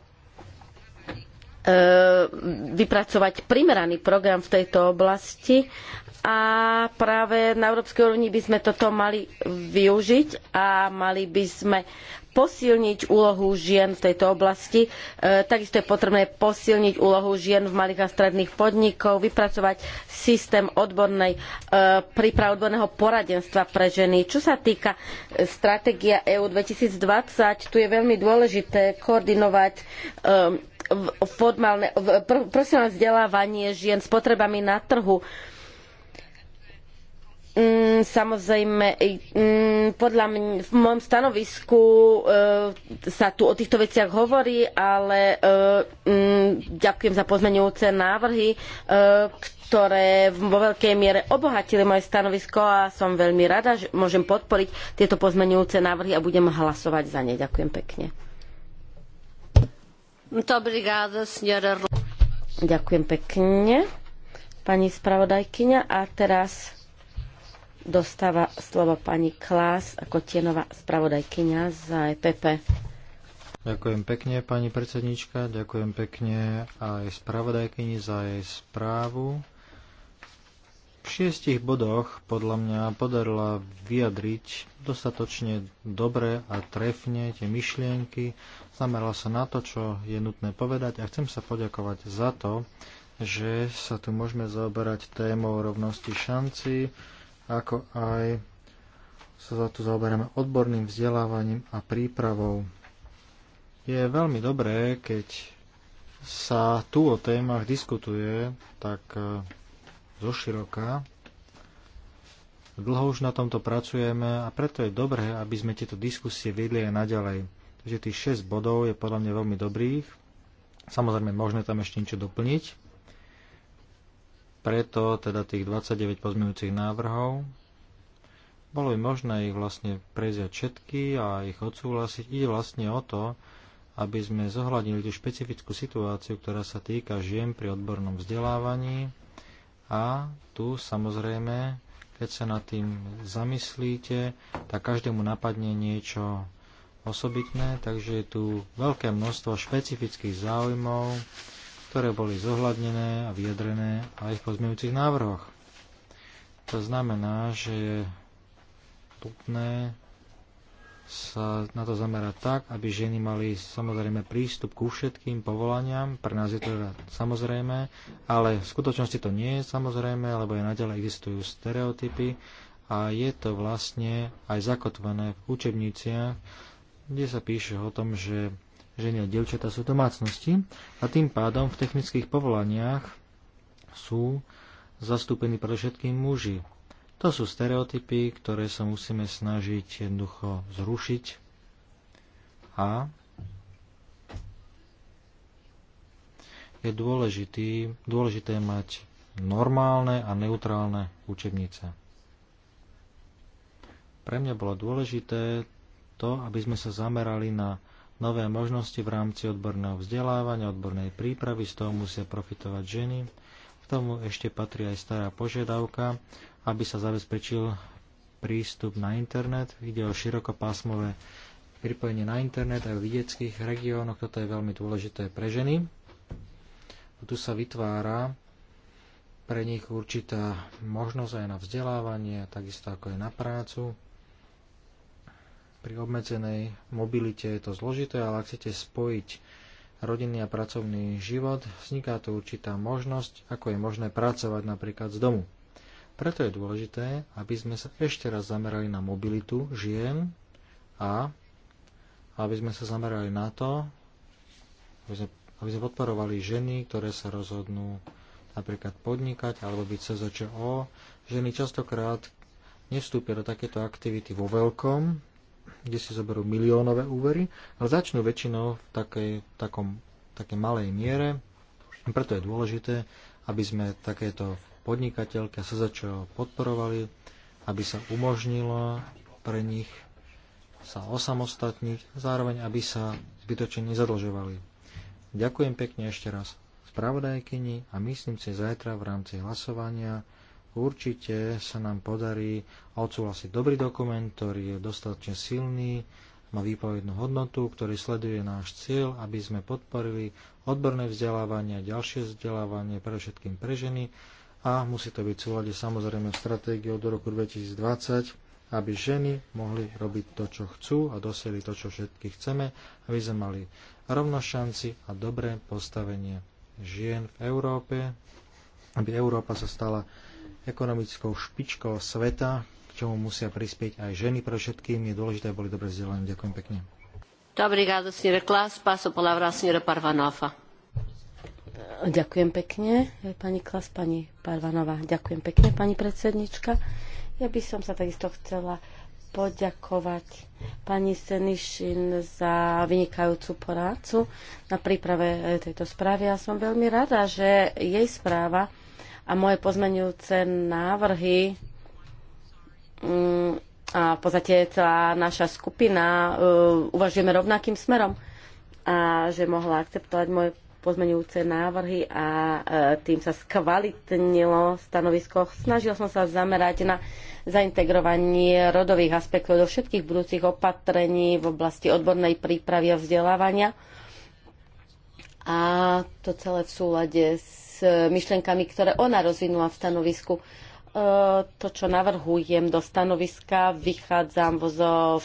vypracovať primeraný program v tejto oblasti a práve na európskej úrovni by sme toto mali využiť a mali by sme posilniť úlohu žien v tejto oblasti. E, takisto je potrebné posilniť úlohu žien v malých a stredných podnikov, vypracovať systém odbornej e, príprav odborného poradenstva pre ženy. Čo sa týka e, stratégia EU 2020, tu je veľmi dôležité koordinovať formálne, profesionálne vzdelávanie žien s potrebami na trhu Mm, samozrejme, mm, podľa mňa, v môjom stanovisku e, sa tu o týchto veciach hovorí, ale e, mm, ďakujem za pozmeňujúce návrhy, e, ktoré vo veľkej miere obohatili moje stanovisko a som veľmi rada, že môžem podporiť tieto pozmeňujúce návrhy a budem hlasovať za ne. Ďakujem pekne. Ďakujem pekne, pani spravodajkyňa. A teraz dostáva slovo pani Klás ako tienová spravodajkyňa za EPP. Ďakujem pekne, pani predsednička, ďakujem pekne aj spravodajkyni za jej správu. V šiestich bodoch podľa mňa podarila vyjadriť dostatočne dobre a trefne tie myšlienky, zamerala sa na to, čo je nutné povedať a chcem sa poďakovať za to, že sa tu môžeme zaoberať témou rovnosti šanci, ako aj sa za to zaoberáme odborným vzdelávaním a prípravou. Je veľmi dobré, keď sa tu o témach diskutuje tak e, zoširoka. Dlho už na tomto pracujeme a preto je dobré, aby sme tieto diskusie vedli aj naďalej. Takže tých 6 bodov je podľa mňa veľmi dobrých. Samozrejme, možné tam ešte niečo doplniť. Preto teda tých 29 pozmeňujúcich návrhov bolo by možné ich vlastne preziať všetky a ich odsúhlasiť. Ide vlastne o to, aby sme zohľadnili tú špecifickú situáciu, ktorá sa týka žien pri odbornom vzdelávaní. A tu samozrejme, keď sa nad tým zamyslíte, tak každému napadne niečo osobitné, takže je tu veľké množstvo špecifických záujmov, ktoré boli zohľadnené a vyjadrené aj v pozmeňujúcich návrhoch. To znamená, že je nutné sa na to zamerať tak, aby ženy mali samozrejme prístup ku všetkým povolaniam. Pre nás je to teda samozrejme, ale v skutočnosti to nie je samozrejme, lebo aj naďalej existujú stereotypy a je to vlastne aj zakotvené v učebniciach, kde sa píše o tom, že ženy a dievčatá sú domácnosti a tým pádom v technických povolaniach sú zastúpení pre všetkým muži. To sú stereotypy, ktoré sa musíme snažiť jednoducho zrušiť a je dôležitý, dôležité mať normálne a neutrálne učebnice. Pre mňa bolo dôležité to, aby sme sa zamerali na nové možnosti v rámci odborného vzdelávania, odbornej prípravy, z toho musia profitovať ženy. K tomu ešte patrí aj stará požiadavka, aby sa zabezpečil prístup na internet. Ide o širokopásmové pripojenie na internet aj v vidieckých regiónoch. Toto je veľmi dôležité pre ženy. Tu sa vytvára pre nich určitá možnosť aj na vzdelávanie, takisto ako aj na prácu pri obmedzenej mobilite je to zložité, ale ak chcete spojiť rodinný a pracovný život, vzniká tu určitá možnosť, ako je možné pracovať napríklad z domu. Preto je dôležité, aby sme sa ešte raz zamerali na mobilitu žien a aby sme sa zamerali na to, aby sme, aby sme podporovali ženy, ktoré sa rozhodnú napríklad podnikať alebo byť CZČO. Ženy častokrát nevstúpia do takéto aktivity vo veľkom, kde si zoberú miliónové úvery, ale začnú väčšinou v takej, takom, takej malej miere. Preto je dôležité, aby sme takéto podnikateľky a SZČO podporovali, aby sa umožnilo pre nich sa osamostatniť, zároveň aby sa zbytočne nezadlžovali. Ďakujem pekne ešte raz spravodajkyni a myslím si zajtra v rámci hlasovania určite sa nám podarí odsúhlasiť dobrý dokument, ktorý je dostatočne silný, má výpovednú hodnotu, ktorý sleduje náš cieľ, aby sme podporili odborné vzdelávanie, ďalšie vzdelávanie, pre všetkým pre ženy a musí to byť v súlade samozrejme v stratégiou do roku 2020, aby ženy mohli robiť to, čo chcú a dosiahli to, čo všetky chceme, aby sme mali rovno šanci a dobré postavenie žien v Európe, aby Európa sa stala ekonomickou špičkou sveta, k čomu musia prispieť aj ženy pre všetkým. Je dôležité, boli dobre vzdelané. Ďakujem pekne. Ďakujem pekne, pani Klas, pani Parvanová. Ďakujem pekne, pani predsednička. Ja by som sa takisto chcela poďakovať pani Senišin za vynikajúcu porácu na príprave tejto správy. Ja som veľmi rada, že jej správa a moje pozmenujúce návrhy mm, a v podstate celá naša skupina e, uvažujeme rovnakým smerom a že mohla akceptovať moje pozmenujúce návrhy a e, tým sa skvalitnilo stanovisko. Snažil som sa zamerať na zaintegrovanie rodových aspektov do všetkých budúcich opatrení v oblasti odbornej prípravy a vzdelávania. A to celé v súlade s s e, myšlenkami, ktoré ona rozvinula v stanovisku. E, to, čo navrhujem do stanoviska, vychádzam zo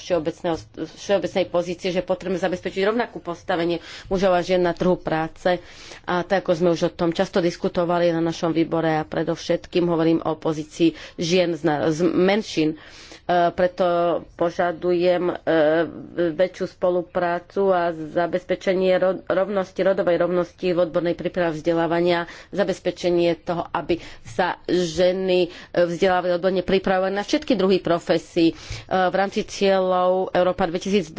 všeobecnej pozície, že potrebujeme zabezpečiť rovnakú postavenie mužov a žien na trhu práce. A tak, ako sme už o tom často diskutovali na našom výbore a predovšetkým hovorím o pozícii žien z menšín. Uh, E, preto požadujem e, väčšiu spoluprácu a zabezpečenie rovnosti, rodovej rovnosti v odbornej príprave vzdelávania, zabezpečenie toho, aby sa ženy e, vzdelávali odborne pripravovali na všetky druhy profesí. V rámci cieľov Európa 2020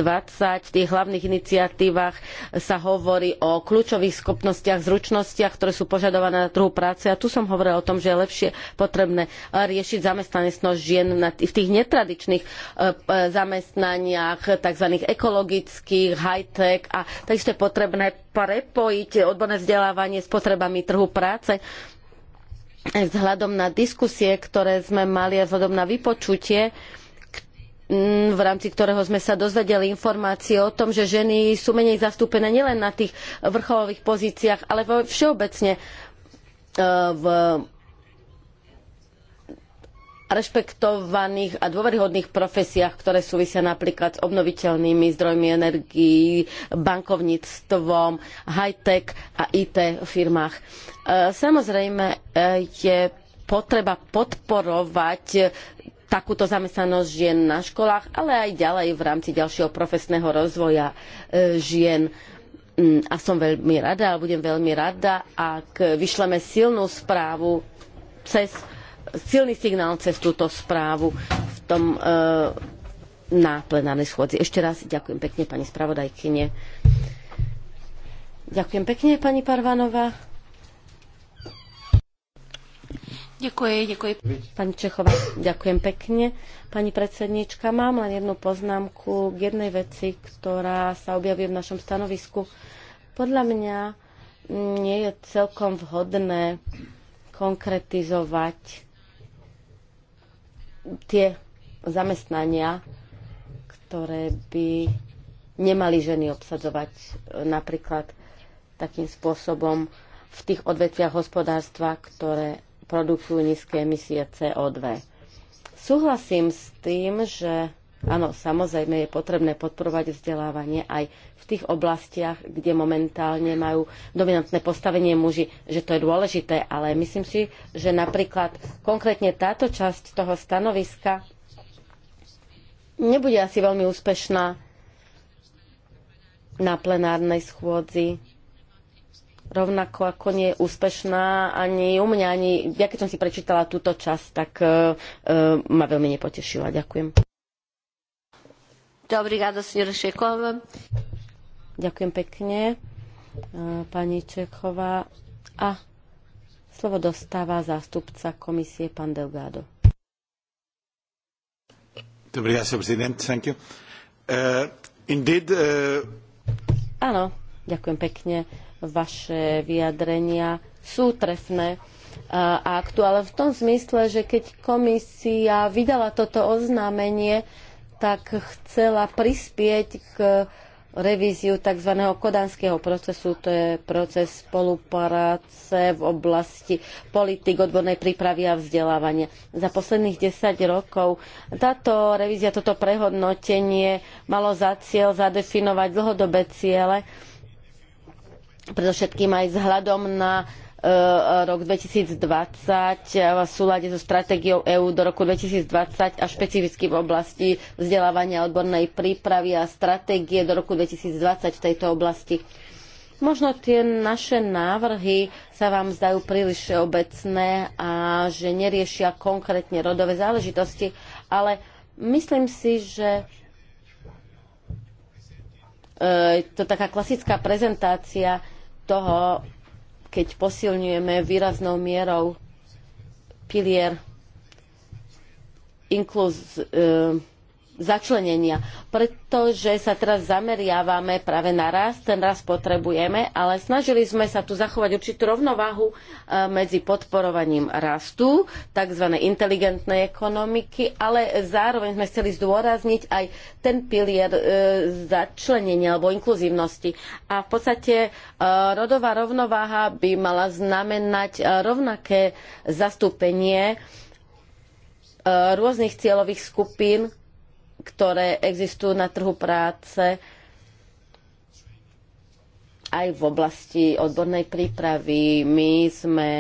v tých hlavných iniciatívach sa hovorí o kľúčových schopnostiach, zručnostiach, ktoré sú požadované na trhu práce. A tu som hovorila o tom, že je lepšie potrebné riešiť zamestnanosť žien v tých netrvých netradičných e, zamestnaniach, tzv. ekologických, high-tech a takisto je potrebné prepojiť odborné vzdelávanie s potrebami trhu práce vzhľadom na diskusie, ktoré sme mali a vzhľadom na vypočutie, v rámci ktorého sme sa dozvedeli informácie o tom, že ženy sú menej zastúpené nielen na tých vrcholových pozíciách, ale všeobecne e, v rešpektovaných a dôveryhodných profesiách, ktoré súvisia napríklad s obnoviteľnými zdrojmi energií, bankovníctvom, high-tech a IT firmách. E, samozrejme e, je potreba podporovať takúto zamestnanosť žien na školách, ale aj ďalej v rámci ďalšieho profesného rozvoja e, žien mm, a som veľmi rada, a budem veľmi rada, ak vyšleme silnú správu cez silný signál cez túto správu v tom, e, na plenárnej schôdzi. Ešte raz ďakujem pekne pani spravodajkyne. Ďakujem pekne pani Parvanová. Ďakujem, ďakujem. Pani Čechová, ďakujem pekne. Pani predsedníčka, mám len jednu poznámku k jednej veci, ktorá sa objaví v našom stanovisku. Podľa mňa mm, nie je celkom vhodné konkretizovať tie zamestnania, ktoré by nemali ženy obsadzovať e, napríklad takým spôsobom v tých odvetviach hospodárstva, ktoré produkujú nízke emisie CO2. Súhlasím s tým, že Áno, samozrejme je potrebné podporovať vzdelávanie aj v tých oblastiach, kde momentálne majú dominantné postavenie muži, že to je dôležité, ale myslím si, že napríklad konkrétne táto časť toho stanoviska nebude asi veľmi úspešná na plenárnej schôdzi. Rovnako ako nie je úspešná ani u mňa, ani ja keď som si prečítala túto časť, tak uh, uh, ma veľmi nepotešila. Ďakujem. Obrigada, Ďakujem pekne, e, pani Čechová. A slovo dostáva zástupca komisie, pán Delgado. Obrigado, president. Thank you. Uh, indeed, uh... Áno, ďakujem pekne. Vaše vyjadrenia sú trefné a aktuálne v tom zmysle, že keď komisia vydala toto oznámenie, tak chcela prispieť k revíziu tzv. kodanského procesu, to je proces spolupráce v oblasti politik, odbornej prípravy a vzdelávania. Za posledných 10 rokov táto revízia, toto prehodnotenie malo za cieľ zadefinovať dlhodobé ciele, predovšetkým aj vzhľadom na Eh, rok 2020 v súlade so stratégiou EÚ do roku 2020 a špecificky v oblasti vzdelávania odbornej prípravy a stratégie do roku 2020 v tejto oblasti. Možno tie naše návrhy sa vám zdajú príliš obecné a že neriešia konkrétne rodové záležitosti, ale myslím si, že je eh, to taká klasická prezentácia toho, keď posilňujeme výraznou mierou pilier inkluz, e, začlenenia, pretože sa teraz zameriavame práve na rast, ten rast potrebujeme, ale snažili sme sa tu zachovať určitú rovnováhu e, medzi podporovaním rastu, tzv. inteligentnej ekonomiky, ale zároveň sme chceli zdôrazniť aj ten pilier e, začlenenia alebo inkluzívnosti. A v podstate e, rodová rovnováha by mala znamenať rovnaké zastúpenie rôznych cieľových skupín ktoré existujú na trhu práce aj v oblasti odbornej prípravy. My sme,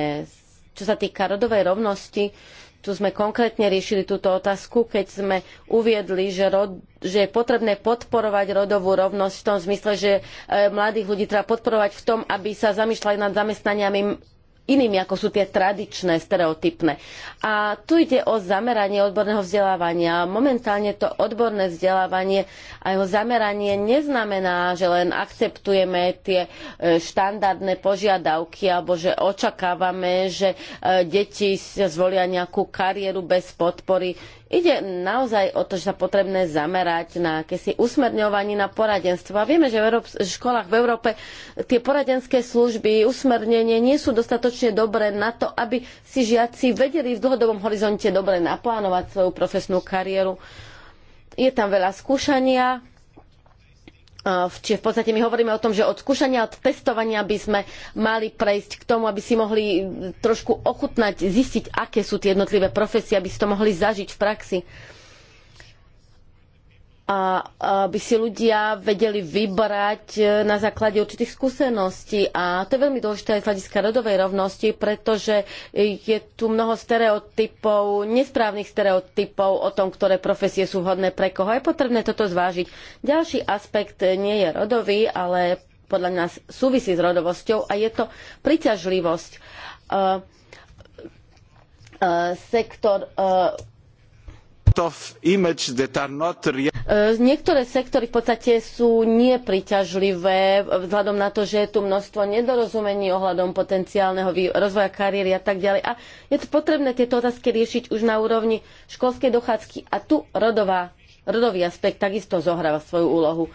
čo sa týka rodovej rovnosti, tu sme konkrétne riešili túto otázku, keď sme uviedli, že, rod, že je potrebné podporovať rodovú rovnosť v tom zmysle, že e, mladých ľudí treba podporovať v tom, aby sa zamýšľali nad zamestnaniami inými, ako sú tie tradičné, stereotypné. A tu ide o zameranie odborného vzdelávania. Momentálne to odborné vzdelávanie a jeho zameranie neznamená, že len akceptujeme tie e, štandardné požiadavky alebo že očakávame, že e, deti zvolia nejakú kariéru bez podpory Ide naozaj o to, že sa potrebné zamerať na akési usmerňovanie na poradenstvo. A vieme, že v Európ- školách v Európe tie poradenské služby, usmernenie nie sú dostatočne dobré na to, aby si žiaci vedeli v dlhodobom horizonte dobre naplánovať svoju profesnú kariéru. Je tam veľa skúšania, Čiže v podstate my hovoríme o tom, že od skúšania, od testovania by sme mali prejsť k tomu, aby si mohli trošku ochutnať, zistiť, aké sú tie jednotlivé profesie, aby si to mohli zažiť v praxi a aby si ľudia vedeli vybrať e, na základe určitých skúseností. A to je veľmi dôležité aj z hľadiska rodovej rovnosti, pretože je tu mnoho stereotypov, nesprávnych stereotypov o tom, ktoré profesie sú hodné pre koho. Je potrebné toto zvážiť. Ďalší aspekt e, nie je rodový, ale podľa nás súvisí s rodovosťou a je to priťažlivosť. Uh, e, uh, sektor uh, E, niektoré sektory v podstate sú nepriťažlivé vzhľadom na to, že je tu množstvo nedorozumení ohľadom potenciálneho rozvoja kariéry a tak ďalej. A je to potrebné tieto otázky riešiť už na úrovni školskej dochádzky a tu rodová, rodový aspekt takisto zohráva svoju úlohu. E,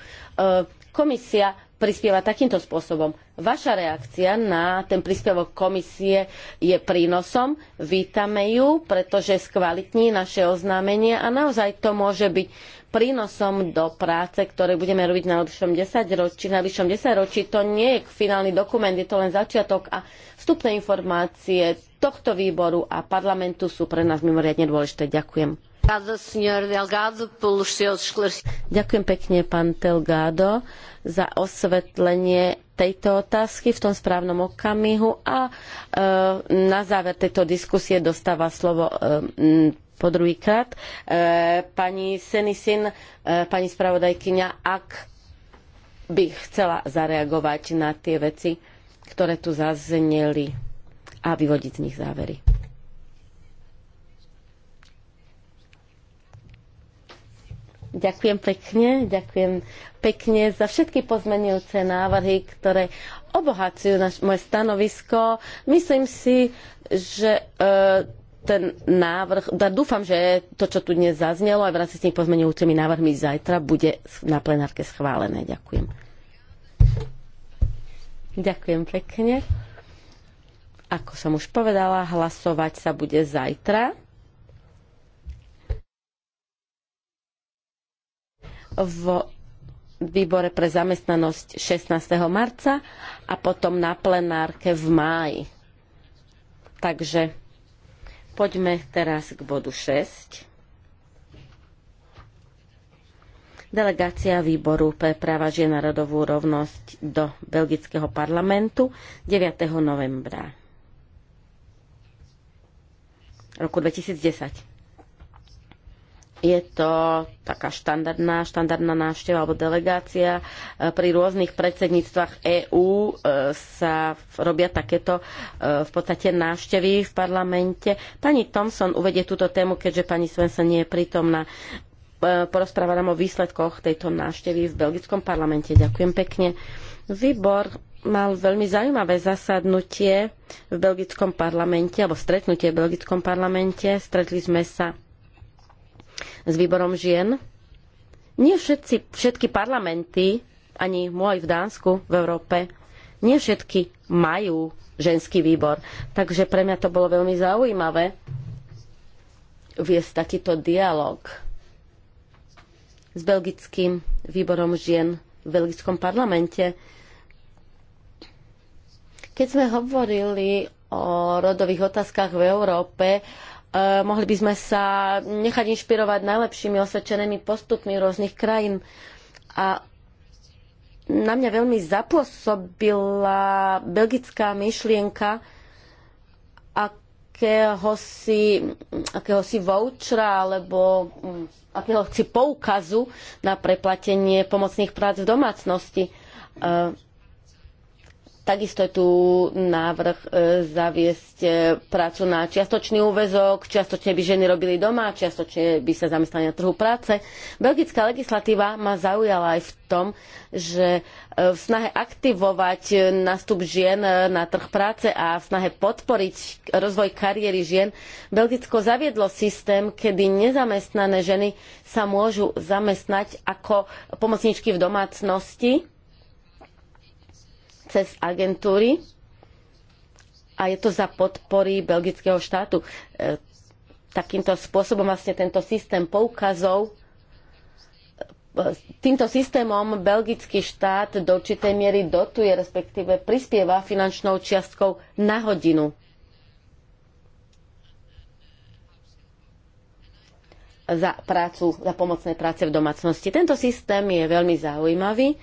komisia prispieva takýmto spôsobom. Vaša reakcia na ten príspevok komisie je prínosom. Vítame ju, pretože skvalitní naše oznámenie a naozaj to môže byť prínosom do práce, ktoré budeme robiť na najbližšom 10 ročí. Na najbližšom 10 ročí to nie je finálny dokument, je to len začiatok a vstupné informácie tohto výboru a parlamentu sú pre nás mimoriadne dôležité. Ďakujem. Ďakujem pekne, pán Delgado, za osvetlenie tejto otázky v tom správnom okamihu a e, na záver tejto diskusie dostáva slovo e, po druhýkrát. E, pani Senisin, e, pani spravodajkyňa, ak by chcela zareagovať na tie veci, ktoré tu zazneli a vyvodiť z nich závery. Ďakujem pekne, ďakujem pekne za všetky pozmenujúce návrhy, ktoré obohacujú naš, moje stanovisko. Myslím si, že e, ten návrh, da, dúfam, že to, čo tu dnes zaznelo, aj v rámci s tými pozmenujúcimi návrhmi zajtra bude na plenárke schválené. Ďakujem. Ďakujem pekne. Ako som už povedala, hlasovať sa bude zajtra. v výbore pre zamestnanosť 16. marca a potom na plenárke v máji. Takže poďme teraz k bodu 6. Delegácia výboru pre práva žien rodovú rovnosť do Belgického parlamentu 9. novembra roku 2010 je to taká štandardná, štandardná návšteva alebo delegácia. E, pri rôznych predsedníctvách EÚ e, sa robia takéto e, v podstate návštevy v parlamente. Pani Thompson uvedie túto tému, keďže pani Svensson nie je prítomná. Porozpráva nám o výsledkoch tejto návštevy v belgickom parlamente. Ďakujem pekne. Výbor mal veľmi zaujímavé zasadnutie v belgickom parlamente, alebo stretnutie v belgickom parlamente. Stretli sme sa s výborom žien. Nie všetci, všetky parlamenty, ani môj v Dánsku, v Európe, nie všetky majú ženský výbor. Takže pre mňa to bolo veľmi zaujímavé viesť takýto dialog s belgickým výborom žien v belgickom parlamente. Keď sme hovorili o rodových otázkach v Európe, Eh, mohli by sme sa nechať inšpirovať najlepšími osvedčenými postupmi rôznych krajín. A na mňa veľmi zapôsobila belgická myšlienka akéhosi, akéhosi vouchera alebo mm, akéhosi poukazu na preplatenie pomocných prác v domácnosti. Eh, Takisto je tu návrh e, zaviesť e, prácu na čiastočný úvezok, čiastočne by ženy robili doma, čiastočne by sa zamestnali na trhu práce. Belgická legislatíva ma zaujala aj v tom, že e, v snahe aktivovať nástup žien na trh práce a v snahe podporiť rozvoj kariéry žien, Belgicko zaviedlo systém, kedy nezamestnané ženy sa môžu zamestnať ako pomocničky v domácnosti cez agentúry a je to za podpory belgického štátu. E, takýmto spôsobom vlastne tento systém poukazov e, týmto systémom belgický štát do určitej miery dotuje, respektíve prispieva finančnou čiastkou na hodinu. za prácu, za pomocné práce v domácnosti. Tento systém je veľmi zaujímavý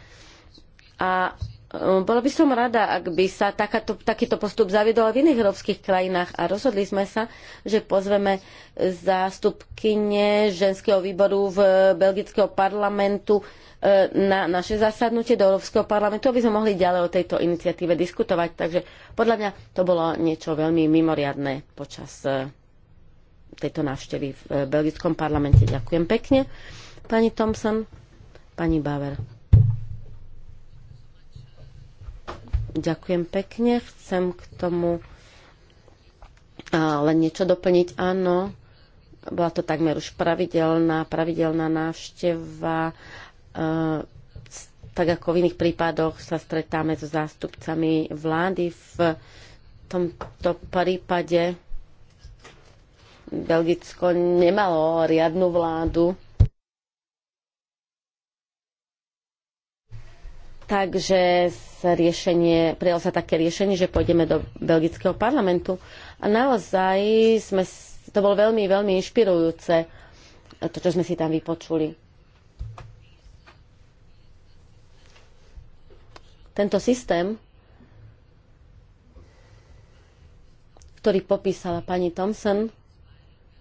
a Ehm, bola by som rada, ak by sa takáto, takýto postup zaviedol v iných európskych krajinách a rozhodli sme sa, že pozveme zástupkyne ženského výboru v belgického parlamentu ehm, na naše zasadnutie do Európskeho parlamentu, aby sme mohli ďalej o tejto iniciatíve diskutovať. Takže podľa mňa to bolo niečo veľmi mimoriadné počas ehm, tejto návštevy v belgickom parlamente. Ďakujem pekne, pani Thompson, pani Bauer. Ďakujem pekne. Chcem k tomu len niečo doplniť. Áno, bola to takmer už pravidelná, pravidelná návšteva. Tak ako v iných prípadoch sa stretáme so zástupcami vlády. V tomto prípade Belgicko nemalo riadnu vládu Takže riešenie, prijalo sa také riešenie, že pôjdeme do belgického parlamentu. A naozaj sme, to bolo veľmi, veľmi inšpirujúce, to, čo sme si tam vypočuli. Tento systém, ktorý popísala pani Thompson,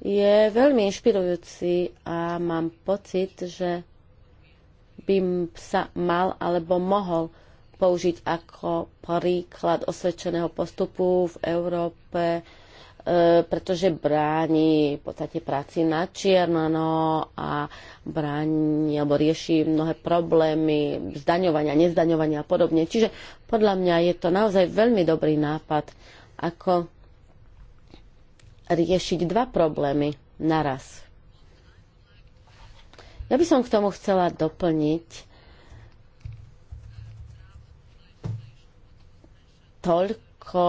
je veľmi inšpirujúci a mám pocit, že by sa mal alebo mohol použiť ako príklad osvedčeného postupu v Európe, e, pretože bráni v podstate práci na čierno a bráni alebo rieši mnohé problémy zdaňovania, nezdaňovania a podobne. Čiže podľa mňa je to naozaj veľmi dobrý nápad, ako riešiť dva problémy naraz ja by som k tomu chcela doplniť toľko,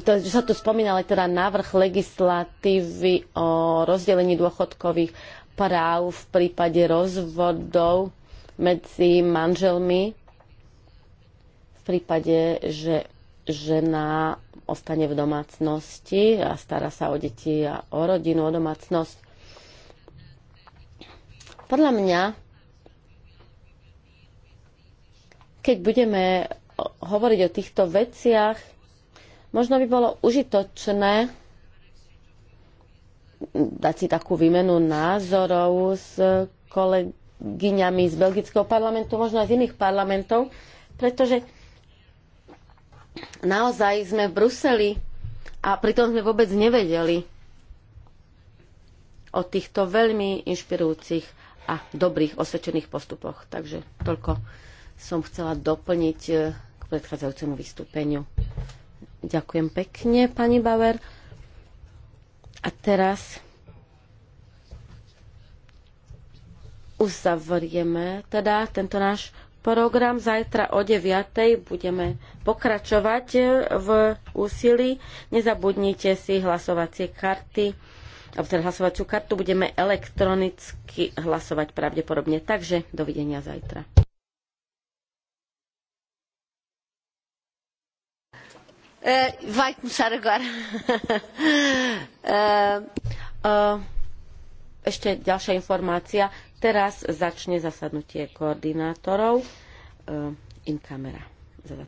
e, to, že sa tu spomínala teda návrh legislatívy o rozdelení dôchodkových práv v prípade rozvodov medzi manželmi v prípade, že žena ostane v domácnosti a stará sa o deti a o rodinu, o domácnosť podľa mňa, keď budeme hovoriť o týchto veciach, možno by bolo užitočné dať si takú výmenu názorov s kolegyňami z Belgického parlamentu, možno aj z iných parlamentov, pretože naozaj sme v Bruseli a pritom sme vôbec nevedeli o týchto veľmi inšpirujúcich a dobrých osvedčených postupoch. Takže toľko som chcela doplniť eh, k predchádzajúcemu vystúpeniu. Ďakujem pekne, pani Bauer. A teraz uzavrieme teda tento náš program. Zajtra o 9.00 budeme pokračovať eh, v úsilí. Nezabudnite si hlasovacie karty teda hlasovaciu kartu. Budeme elektronicky hlasovať pravdepodobne. Takže dovidenia zajtra. Uh, vai começar uh, uh, ešte ďalšia informácia. Teraz začne zasadnutie koordinátorov e, in camera.